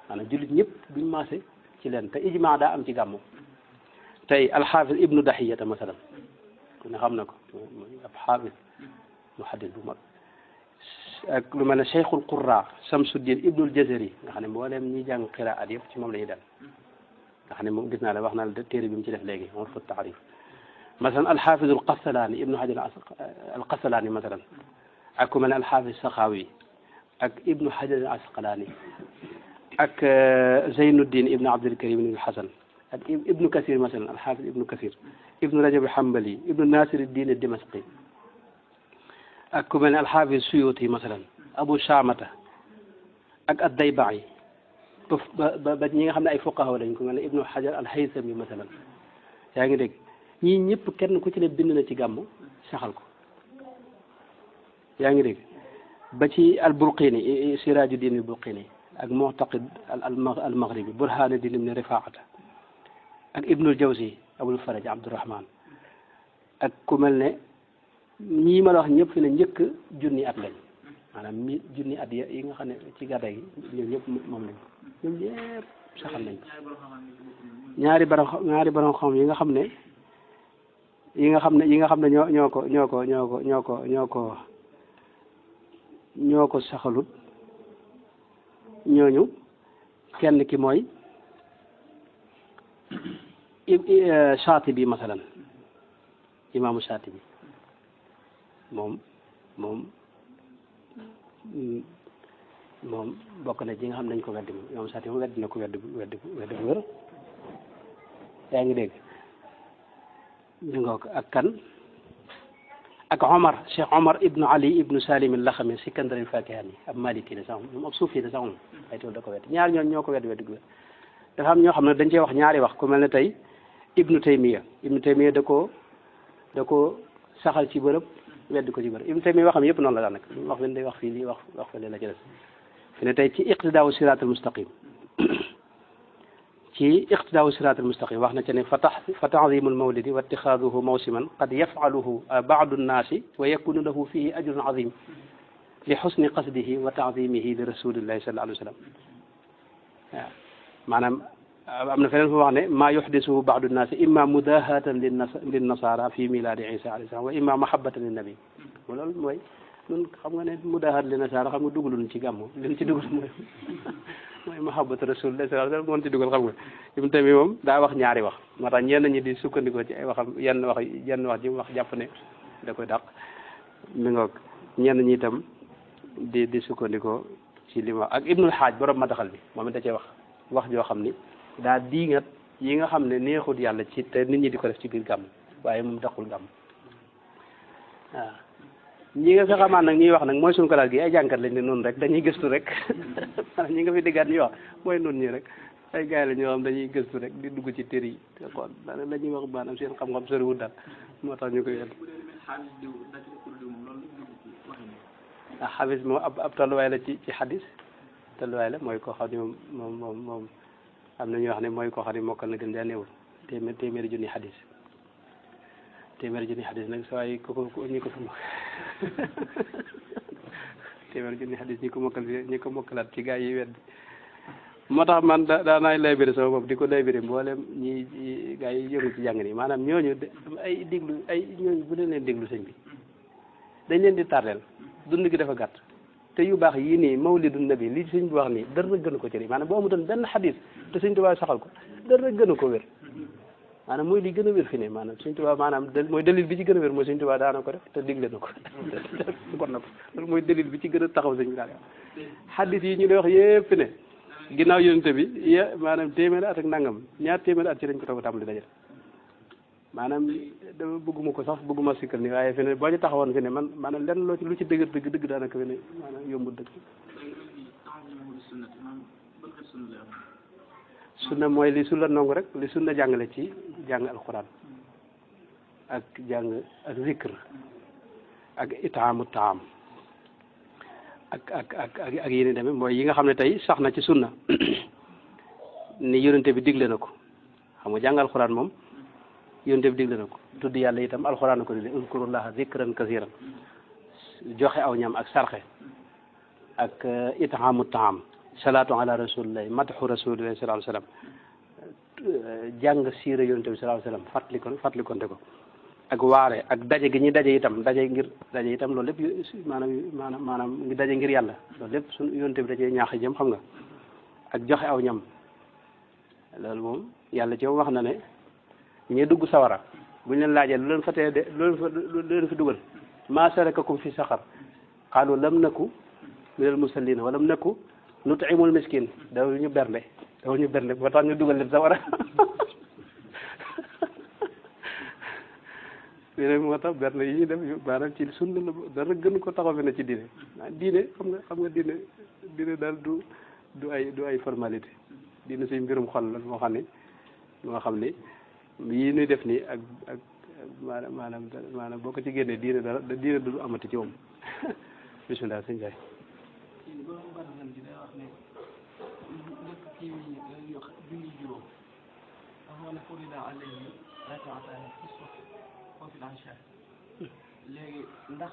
maanaam jullit ñëpp duñ maase ci leen te ijmaa daa am ci gàmmu tey alxaafis ibnu daxiyata masalan ku ne xam na ko ab xaafis muhaddis bu mag ak lu mel ne Cheikhul Qurra Samsuddin Ibnul Jazari nga xam ne mboolem ñi jàng xiraat yëpp ci moom la ñuy dal nga xam ne moom gis naa la wax naa la téere bi mu ci def léegi moom fa taxrif masalan alxafiz alqasalaani ibnu hajar alqasalaani masalan ak ku mel ne alxafiz saxaawi ak ibnu hajar alasqalaani ak euh, zeynuddin ibnu abdulkarim ibnu hasan ak ibnu kasir masalan alxafiz ibnu kasir ibnu rajab alhambali ibnu nasir diin dimasqi ak ku mel ne alxaafis suyuti masalan abu shaamata ak addaybaay ba ba ba ñi nga xam ne ay fuqaha lañ ku mel ne ibnu xajar alhaysami masalan yaa ngi dégg ñii ñëpp kenn ku ci ne bind na ci gàmm saxal ko yaa ngi dégg ba ci alburqini siraaju diin alburqini ak muctaqid al maghribi burhaanu diin ibni rifaata ak ibnul jawzi abul faraj abdurahman ak ku mel ne ñii ma la wax ñëpp fi ne njëkk junni at lañ maanaam mi junni at yi nga xam ne ci gàddaay gi ñoom ñëpp moom lañ ñoom ñëpp saxal nañ ñaari borom ñaari borom xam yi nga xam ne yi nga xam ne yi nga xam ne ñoo ñoo ko ñoo ko ñoo ko ñoo ko ñoo ko ñoo ko saxalut ñooñu kenn ki mooy euh, Shaatibi masalan imaamu Shaatibi moom moom moom bokk na ci nga xam ne dañ ko weddi moom imam Saati moom weddi na ko weddi weddi yaa ngi dégg ñu ngoog ak kan ak Omar Cheikh Omar ibnu Ali ibnu Salim al-Laxami la sax moom ab Suufi la sax moom ay tuur da ko weddi ñaar ñoon ñoo ko weddi weddi gu wér dafa am ñoo xam ne dañ cee wax ñaari wax ku mel ne tey ibnu Taymiya ibnu Taymiya da ko da koo saxal ci bërëb weddi ko ci bëri Ibnu Taymiya waxam yëpp noonu la daanaka lu wax leen day wax fii lii wax wax fële la ci des fi ne tey ci iqtidaawu siraatal mustaqim ci iqtidaawu siraatal mustaqim wax na ci ne fata fa taadimul mawlidi wa ittixaaduhu mawsiman qad yafaluhu baadu nnaasi wa yakunu lahu fihi ajrun azim li xusni qasdihi wa taadimihi li rasulillahi sallallahu alayhi wa sallam waaw maanaam am na feneen fu wax ne maa yuxdisuhu baadu naasi imma mudahatan lin nasara fi milaadi isa alayhi salaam wa imma mahabatan lin nabi loolu mooy ñun xam nga ne mudahat lin nasara xam nga dugalun ci gàmmu liñ ci dugal mooy mooy mahabatu rasulillah sallallahu alayhi wasallam moom ci dugal xam nga Ibn Taymiya moom daa wax ñaari wax moo tax ñenn ñi di sukkandikoo ci ay waxam yenn wax yenn wax ji mu wax jàpp ne da koy dàq mi ngoog di di sukkandikoo ci li mu wax ak bi moom it da cee wax wax joo xam ni daal daa diingat yi nga xam ne neexut yàlla ci te nit ñi di ko def ci biir gam waaye moom daqul gàmm waaw ñi nga fi xamaan nag ñuy wax nag mooy suñu ko daal gi ay jànkat lañ ne noonu rek dañuy gëstu rek maanaam ñi nga fi déggaat ñuy wax mooy noonu ñi rek ay gars yi la xam dañuy gëstu rek di dugg ci téere yi te xool la ñuy wax maanaam seen xam-xam soriwul daal moo tax ñu koy yël ah xabis moom ab ab tolluwaay la ci ci xadis la mooy koo xam ne moom am na ñoo xam ne mooy ko xam ne mokkal na gën daa néewul téeméer téeméeri junni xadis téeméeri junni xadis nag saa yi ko ñi ko fi ko mokkal ko mokkalaat ci gaay yi wedd moo tax man da daanaay laybiri sama bopp di ko laybiri mboolem ñi gaa yi yëngu ci jàng nii maanaam ñooñu ay diglu ay ñooñu bu leen leen diglu sëñ bi dañ leen di tardeel dund gi dafa gàtt te yu baax yii ni mawlidu nabi li sëñ bi wax nii dara gënu ko ci nii maanaam boo amutoon benn xadis te sëñ Tuubaa saxal ko dara gënu ko wér maanaam mooy li gën a wér fi ne maanaam sëñ Tuubaa maanaam mooy dalil bi ci gën a wér mooy sëñ Tuubaa daana ko def te digle na ko kon na mooy dalil bi ci gën a taxaw sëñ bi daal xadis yi ñu lay wax yépp ne ginnaaw yonente bi ya maanaam téeméer at ak nangam ñaar téeméer at ci lañ ko toog a tàmbali dajale maanaam dama bëgguma ko sax bëgguma sikkal ni waaye boo ñu taxawoon fi ne man maanaam lenn loo ci lu ci dëgër dëgg dëgg daanaka fi ne maanaam yombul dëgg sunna mooy li sunna nangu rek li sunna jàngale ci jàng alquran ak jàng ak zikr ak itaamu taam ak ak ak ak yeneen tamit mooy yi nga xam ne tey sax na ci sunna ni yonente bi digle na ko xam nga jàng alquran moom yoon bi digle na ko tudd yàlla itam alxuraan ko digle uzkurullaha zikran kasiran joxe aw ñam ak sarxe ak eh, itaamu taam salaatu ala rasulillahi madxu rasulillahi sallallahu alayhi wa sallam eh, jàng siira yonent bi sallallahu alayhi wa sallam fàttalikoon ko ak waare ak daje gi ñuy daje itam daje ngir daje itam loolu lépp maanaam maanaam maanaam ngi daje ngir yàlla loolu lépp suñu yonent bi dajee ñaax jëm xam nga ak joxe aw ñam loolu moom yàlla ci wax na ne ñuy dugg sawara bu ñu leen laajee lu leen fa tee de lu leen fa lu ko fi dugal maa sarakakum fi saxar xaalu lam naku minal musallina wala mu naku nut'imul miskin daw ñu bernde daw ñu bernde ba tax ñu dugal leen sawara léeg moo tax bernde yi ñuy def maanaam ci sunna la dara gën ko taxaw na ci diine diine xam nga xam nga diine diine daal du du ay du ay formalité diine suñ mbirum xol la moo xam ne moo xam ne yii nuy def nii ak ak maanaam maanaam maanaam boo ko ci génnee diine dara diine du amati ci moom bisimilah sëñ Ndiaye. léegi ndax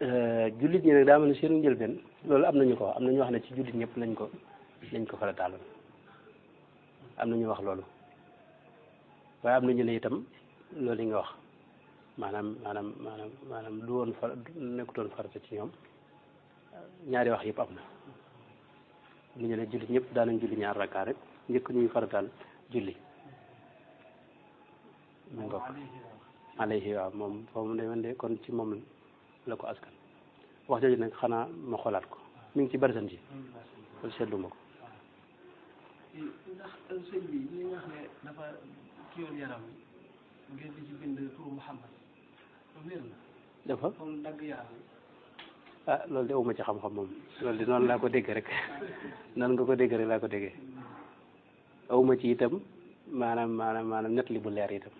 Euh, jullit ñi nag daa mel ne seenu njëlbeen loolu am nañu ko am nañu wax na ci jullit ñëpp lañ ko lañ ko farataaloon am nañu wax loolu waaye am nañu ne itam loolu yi nga wax maanaam maanaam maanaam maanaam du woon far nekkutoon farata ci ñoom ñaari wax yëpp am na ñu ne jullit ñëpp daanañ julli ñaar rakkaa rek njëkk ñuy farataal julli mu ngokk alayhi waaw moom foofu day wende kon ci moom la ko askan wax jooju nag xanaa ma xoolaat ko mi ngi ci barsan ji loolu seetlu ma ko ndax sëñ bi ñi nga ah loolu de uma ci xam-xam moom loolu de noonu laa ko dégg rek noonu nga ko dégg rek laa ko déggee awma ci itam maanaam maanaam maanaam ñett li bu leer itam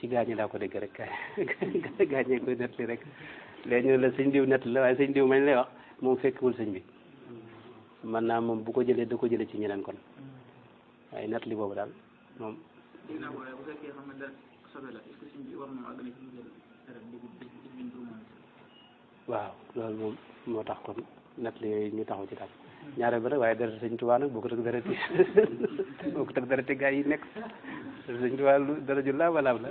ci gaañi laa ko dégg rek gaañee koy nettali rek léegi ñu la sëñ diw nettali la waaye sëñ diw mañ lay wax moom fekkiwul sëñ bi man naa moom bu ko jëlee da ko jëlee ci ñeneen kon waaye nettali boobu daal moom waaw loolu moom moo tax kon nettali yooyu ñu taxaw ci daal ñaare ba nag waaye deret sëñ Tuubaa nag boo ko tëg dereti yi nekk te sëñ Tuubaa lu dara ju laabalaab la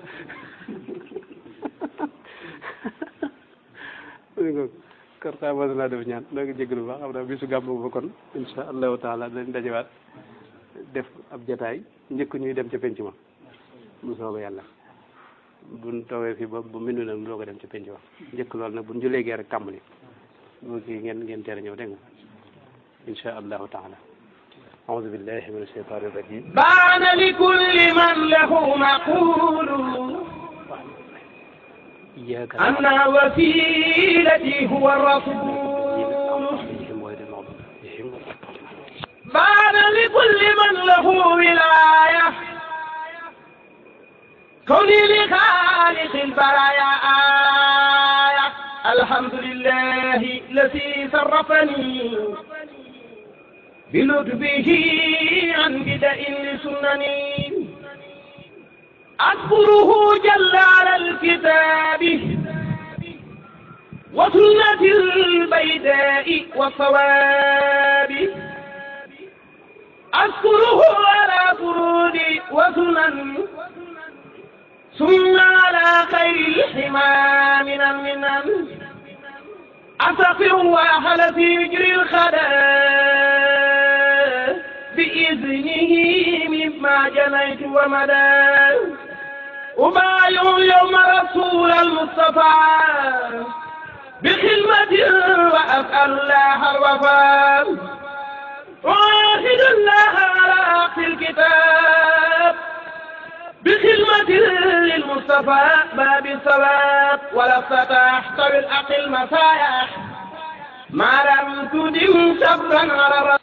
kon xaa mas naa def ñaan noo ngi jégalu baax naa bisu gàmmu ba taala dañ dajewaat def ab jataay njëkk ñuy dem ci penc ma mu sooba yàlla buñ toogee fi ba bu mindu nag nu doog a dem ci penc ma njëkk loolu nag buñ julee gee rek tàmbali boo kii ngeen ngeen teel a ñëw taala أعوذ بالله من الشيطان الرجيم بان لكل من له مقول إياك أنا وسيلتي هو الرسول بان لكل من له ولاية كوني لخالق البرايا آية الحمد لله الذي صرفني بلطفه عن بدء لسنني أذكره جل على الكتاب وسنة البيداء والصواب أذكره على فرود وسنن ثم على خير الحمى من المنن أستغفر الله لفي وجر الخدام بإذنه مما جنيت ومدى أبايع يوم رسول المصطفى بخدمة وأسأل الله الوفاء أعاهد الله على في الكتاب بخدمة للمصطفى باب الثواب ولا استطعت بالعقل مسايح ما لم تدم شبرا على